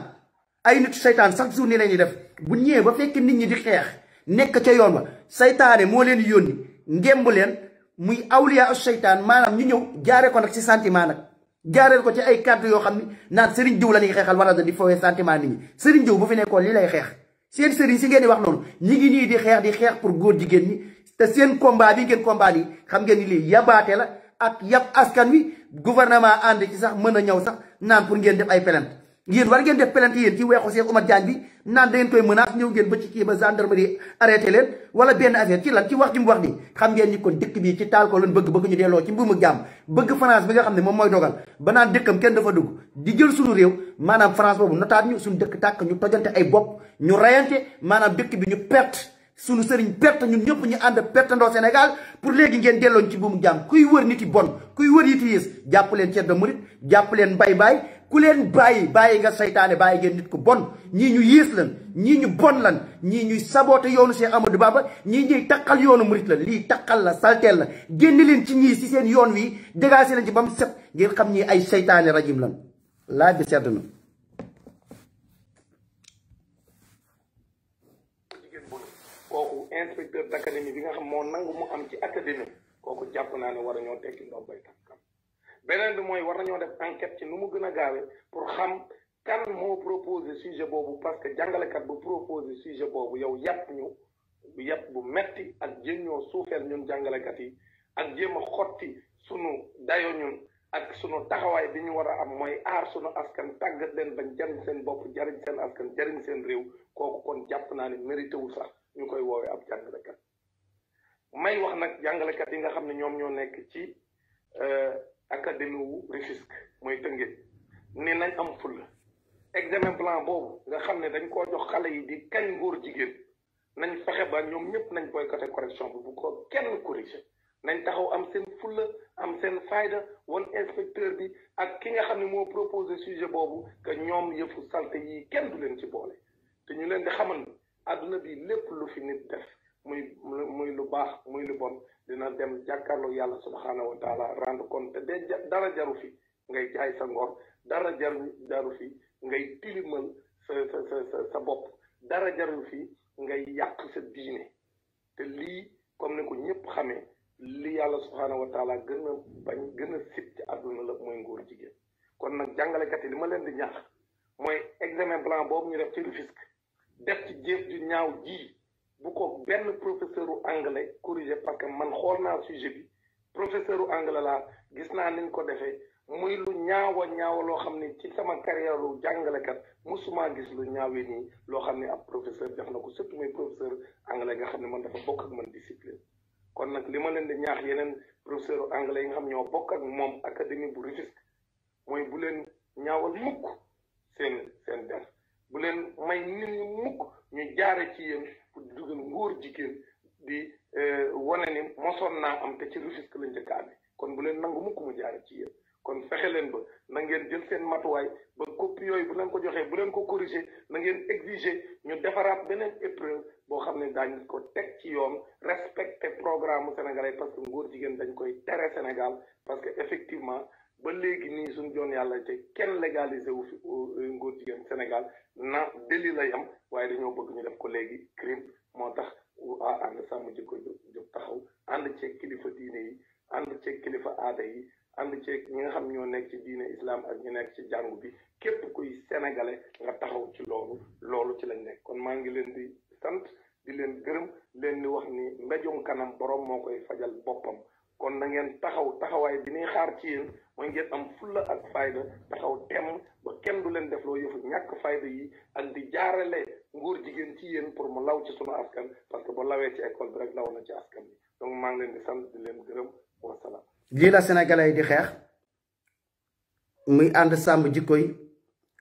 ay nitu saytaan chaque jour ni la ñuy def bu ñëwee ba fekk nit ñi di xeex nekk ca yoon ba saytaane moo leen yónni ngemb leen muy awliya ak saytaan maanaam ñu ñëw jaaree ko nag si sentiment nag. jaareel ko ci ay kàddu yoo xam ni naan Serigne Diouf la ñuy xeexal wala di fowe sentiment nit ñi Serigne Diouf bu fi nekkoon lii lay xeex seen Serigne si ngeen di wax noonu ñi ngi nii di xeex di xeex pour góor jigéen ñi te seen combat bi ngeen combat yi xam ngeen ni lii yabaate la ak yab askan wi gouvernement ànd ci sax mën a ñëw sax naan pour ngeen def ay plainte yéen war ngeen def plainte yeen ci weexu Cheikh Oumar Diagne bi naan da ngeen koy menace ñew ngeen ba ci kii ba gendarmerie arrêté len wala ben affaire ci lan ci wax ci mu wax ni xam ngeen ni kon dekk bi ci tal ko lan bëgg bëgg ñu délo ci mbum ak jam bëgg France bi nga xamne mom moy dogal ba naan dekkam kenn dafa dugg di jël suñu réew manam France bobu notaat ñu suñu dekk tak ñu tojante ay bop ñu rayante manam dekk bi ñu perte suñu sëriñ perte ñun ñëpp ñu and perte ndo Sénégal pour légui ngeen délo ci mbuumu jam kuy wër niti bon kuy wër yiti yées jàpp leen ci da mourid japp leen mbay baay ku leen bàyyi bàyyi nga seytaane bàyyi ngeen nit ko bon ñii ñu yiis lan ñii ñu bon lan ñii ñuy saboote yoonu Cheikh Amadou Bamba ñii ñuy taqal yoonu murit la lii taqal la salteel la génn leen ci ñii si seen yoon wi dégaase leen ci ba mu set ngir xam ñi ay saytaane rajim lan laaj bi sedd na kooku inspecteur d'académie moo nangu ci académie kooku naa ne war a ñoo beneen bi mooy war nañoo def enquête ci nu mu gën a gaawee pour xam kan moo proposé sujet boobu parce que jàngalekat bu proposé sujet boobu yow yàpp ñu yàpp bu metti ak jéem ñoo suufeel ñun jàngalekat yi ak jéem a xotti sunu dayoo ñun ak sunu taxawaay bi ñu war a am mooy aar sunu askan tàggat leen bañ jariñ seen bopp jariñ seen askan jariñ seen réew kooku kon jàpp naa ne mérité wul sax ñu koy woowe ab jàngalekat may wax nag jàngalekat yi nga xam ne ñoom ñoo nekk ci euh, académie wu Rufisque mooy tënge ni nañ am fulla examen blanc boobu nga xam ne dañ koo jox xale yi di kañ góor jigéen nañ fexe ba ñoom ñëpp nañ boycotté correction bi bu ko kenn corrigé nañ taxaw am seen fulla am seen fayda wan inspecteur bi ak ki nga xam ne moo proposé sujet boobu que ñoom yëfu salte yii kenn du leen ci boole te ñu leen di xamal àdduna bi lépp lu fi nit def muy muy lu baax muy lu bon dina dem jàkkaarloo yàlla subhanahu wa taala rendre compte te dara jaru fi ngay jaay sa ngor dara jaru jaru fi ngay tilimal sa sa sa sa bopp dara jaru fi ngay yàq sa diine te lii comme ni ko ñëpp xamee li yàlla subhanahu wa taala gën a bañ gën a sit ci àdduna la mooy ngóor jigéen kon nag jàngalekat yi li ma leen di ñaax mooy examen blanc boobu ñu def ci Rufisque def ci jéeg ju ñaaw ji bu ko benn professeur u anglais corrigé parce que man xool naa sujet bi professeur u anglais laa gis naa niñ ko defee muy lu ñaawa ñaawa loo xam ne ci sama carrière lu jàngalekat musuma gis lu ñaawee nii loo xam ne ab professeur jox na ko surtout muy professeur anglais nga xam ne man dafa bokk ak man discipline kon nag li ma leen di ñaax yeneen professeur anglais yi nga xam ñoo bokk ak moom académie bu Rufisque mooy bu leen ñaawal mukk seen seen def bu leen ma nit ñi ñu jaare ci yéen pour di dugal ngóor jigéen di eh, wane ni mosoon na am te ci Rufisque lañ njëkk amee kon bu leen nangu mukk mu jaare ci yéen kon fexe leen ba na ngeen jël seen matuwaay ba copie yooyu bu leen ko joxee bu leen ko corriger na ngeen exiger ñu defaraat beneen épreuve boo xam ne daañu ko teg ci yoon respecter programme sénégalais parce que ngóor jigéen dañ koy tere Sénégal parce que effectivement ba léegi nii suñ doon yàlla te kenn légalisé wu fi euh, ngóor jigéen Sénégal na déli lay am waaye dañoo bëgg ñu def ko léegi crime moo tax a ànd sàmm jikko jóg taxaw ànd ceeg kilifa diine yi ànd ceeg kilifa aada yi ànd ceeg ñi nga xam ñoo nekk ci diine islam ak ñu nekk ci jàngu bi képp kuy sénégalais nga taxaw ci loolu loolu ci lañ nekk kon maa ngi leen di sant di leen gërëm leen di wax ni mbéjum kanam borom moo koy fajal boppam kon na ngeen taxaw taxawaay bi ñuy xaar ci yéen mooy ngeen am fulla ak fayda taxaw temm ba kenn du leen def loo yëfu ñàkk fayda yi ak di jaarale nguur jigéen ci yéen pour mu law ci sunu askan parce que ba lawee ci école bi rek law na ci askan bi donc maa ngi la sénégalais yi di xeex muy ànd sàmm jikko yi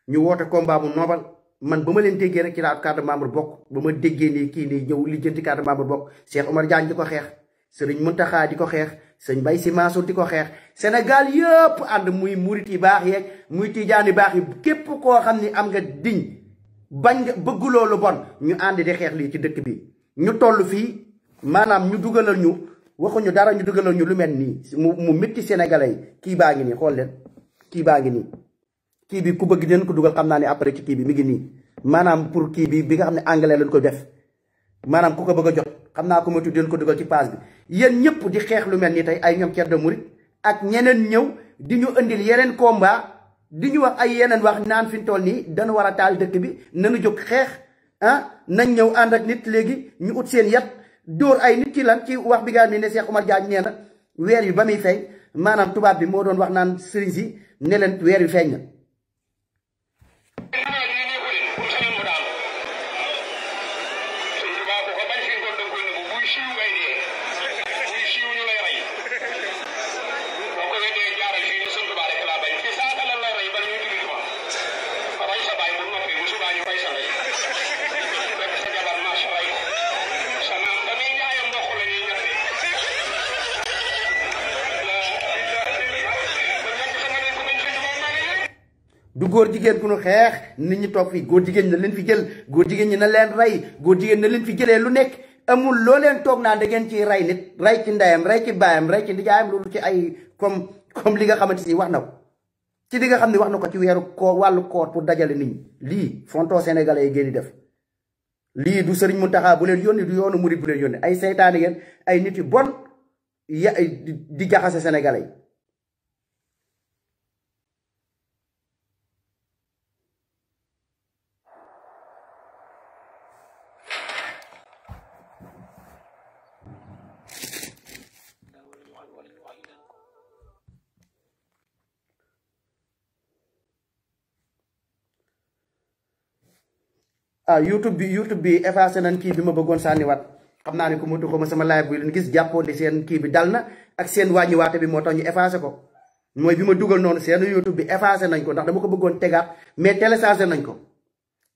ñu woote combat bu noobal man ba ma leen déggee rek ci laa carte membre bokk ba ma déggee nii kii nii ñëw lijjanti carte membre bokk Cheikh Omar Diagne di ko xeex Serigne Mountakha di ko xeex. señ bay ci Mansour di ko xeex Sénégal yëpp ànd muy murit bax yek muy tidiane bax baax yi képp koo am nga diñ bañ nga bëgg lolu bon ñu and di xex li ci dëkk bi ñu tollu fi manam ñu duggalal ñu ñu dara ñu duggalal ñu lu mel ni mu metti senegalay ki baangi ni xol ngi nii xool leen ki baa ngi nii bi ku bëgg dinañ ko duggal xamna ni après ci ki bi mi ngi ni manam pour ki bi bi nga xamni anglais lañ ko def manam ku ko bëgg jot ko ma tudd ko duggal ci passe bi yéen ñëpp di xeex lu mel ni tey ay ñoom Thierno Mouride ak ñeneen ñëw di ñu indil yeneen komba di ñu wax ay yeneen wax naan fi ñu toll nii dana war a taal dëkk bi nanu jóg xeex ah nañ ñëw ànd ak nit léegi ñu ut seen yat dóor ay nit ci lan ci wax bi nga xam ne Cheikh Oumar Diagne nee na weer yu ba muy feeñ maanaam tubaab bi moo doon wax naan sëriñ si ne leen weer yu feeñ na. góor jigéen ku nu xeex nit ñi toog fii góor jigéen ñi na leen fi jël góor jigéen ñi na leen rey góor jigéen na leen fi jëlee lu nekk amul loo leen toog naa da ngeen ciy rey nit rey ci ndeyam rey ci baayam rey ci nijaayam loolu ci ay comme comme li nga xamante ni wax na ko ci li nga xam ne wax na ko ci weeru koor wàllu koor pour dajale nit ñi lii fonto sénégalais yi génn def lii du sëriñ Muntaxa bu leen yónni du yoonu murit bu leen yónni ay seytaan ngeen ay nit yu bon ya di jaxase sénégalais yi ah youtube bi youtube bi effacé nañ kii bi ma bëggoon sànni sànniwaat xam naa ne ko motu ko ma sama live bi leen gis jàppoon seen kii bi dal na ak seen wàññiwaate bi moo tax ñu effacé ko mooy bi ma dugal noonu seen youtube bi effacé nañ ko ndax dama ko bëggoon tegaat mais téléchargé nañ ko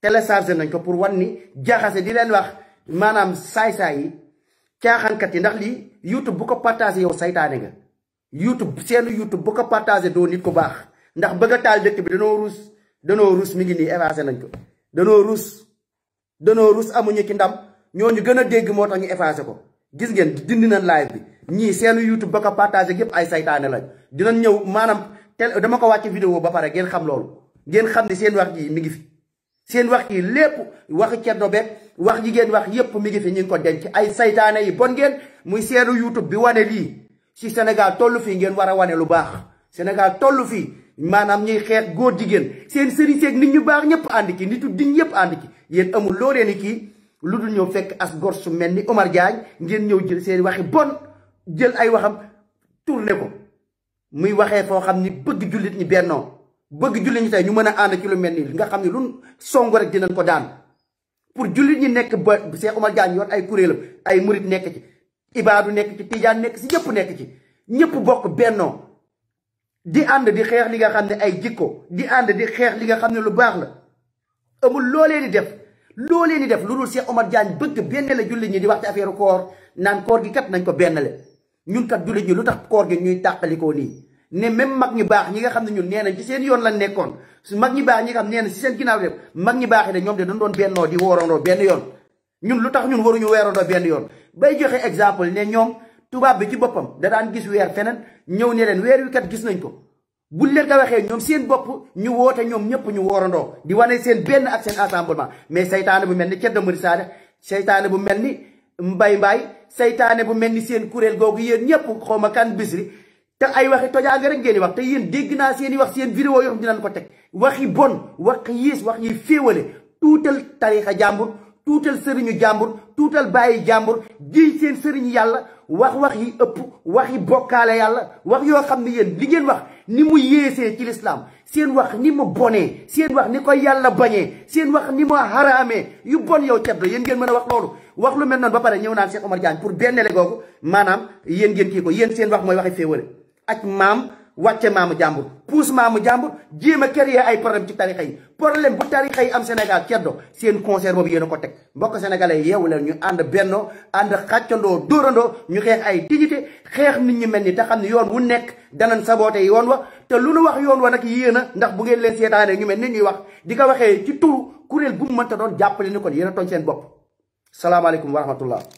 téléchargé nañ ko pour wan ni jaxase di leen wax maanaam saay-saay yi caaxaankat yi ndax lii youtube bu ko partagé yow saytaane nga youtube seen youtube bu ko partagé doo nit ku baax ndax bëgg a taal dëkk bi danoo ruus danoo mi ngi nii effacé nañ ko danoo rus amuñu ci ndam ñoo ñu gën a dégg moo tax ñu effacé ko gis ngeen dindi nañ live bi ñii seenu youtube ba ko partagé yépp ay saytaane lañ dinañ ñëw maanaam tel dama ko wàcc vidéo ba pare ngeen xam loolu ngeen xam ni seen wax ji mi ngi fi seen wax yi lépp wax ceddo beeg wax ji ngeen wax yépp mi ngi fi ñu ngi ko denc ay saytaane yi bon ngeen muy seenu youtube bi wane lii si Sénégal toll fii ngeen war a wane lu baax Sénégal toll fii maanaam ñuy xeex góor jigéen seen sëriñ seeg nit ñu baax ñëpp ànd ci nitu diñ yëpp ànd ci yéen amul loo leen kii lu dul ñëw fekk as gor su mel ni Omar Diagne ngeen ñëw jël seen waxi bon jël ay waxam tourné ko muy waxee foo xam ni bëgg jullit ñi bennoo bëgg jullit ñi tey ñu mën a ànd ci lu mel nii nga xam ne lu song rek dinañ ko daan pour jullit ñi nekk ba Cheikh Omar Diagne yor ay kuréelam ay murit nekk ci ibaadu nekk ci tijaan nekk si ñëpp nekk ci ñëpp bokk bennoo di ànd di xeex li nga xam ne ay jikko di ànd di xeex li nga xam ne lu baax la amul loo leen di def loo leen def lu dul Cheikh Omar Diagne bëgg benn la jullit ñi di wax ci affaire koor naan koor gi kat nañ ko benn la ñun kat jullit ñi lu tax koor gi ñuy tàqalikoo nii ne même mag ñu baax ñi nga xam ne ñun nee nañ ci seen yoon lañ nekkoon su mag ñi baax ñi nga xam nee nañ ci seen ginnaaw dem mag ñi baax de ñoom de dañ doon bennoo di woorandoo benn yoon ñun lu tax ñun waruñu weerandoo benn yoon bay joxe exemple ne ñoom tubaab bi ci boppam da daan gis weer feneen ñëw ne leen weer wi kat gis nañ ko bu leen ko waxee ñoom seen bopp ñu woote ñoom ñëpp ñu woorandoo di wane seen benn ak seen assemblement mais seytaane bu mel ni Thierno Moule Sade saytaane bu mel ni Mbaye Mbaye saytaane bu mel ni seen kuréel googu yéen ñëpp xaw ma kan ri te ay waxi tojaanga rek ngeen di wax te yéen dégg naa seen i wax seen vidéo yoo xam dinañ ko teg waxi bon wax yiis wax yi féewale tuutal tarixa jàmbur tuutal sëriñu jàmbur tuutal bàyyi jàmbur jiy seen sëriñu yàlla wax-wax yi ëpp wax yi bokkaale yàlla wax yoo xam ne yéen li ngeen wax ni mu yéesee ci lislaam seen wax ni mu bonee seen wax ni ko yàlla bañee seen wax ni mu haraamee yu bon yow ceddo yéen ngeen mën a wax loolu wax lu mel noonu ba pare ñëw naan Cheikh Omar Diagne pour benn le ko maanaam yéen ngeen kii ko yéen seen wax mooy waxi féewale ak maam wàcce maamu jàmbur puus maamu jàmbur jéem a créer ay problème ci tarixa yi problème bu tarixa yi am Sénégal ceddo seen concert boobu yéen a ko teg mbokk sénégalais yeewu leen ñu ànd bennoo ànd xàccandoo dóorandoo ñu xeex ay dignité xeex nit ñu mel ni te xam ne yoon wu nekk danañ saboote yoon wa te lu nu wax yoon wa nag yéen a ndax bu ngeen leen seetaanee ñu mel ni ñuy wax di ko waxee ci turu kuréel bu mu mënta doon jàppale ni kon yéen a tooñ seen bopp salaamaaleykum wa rahmatullah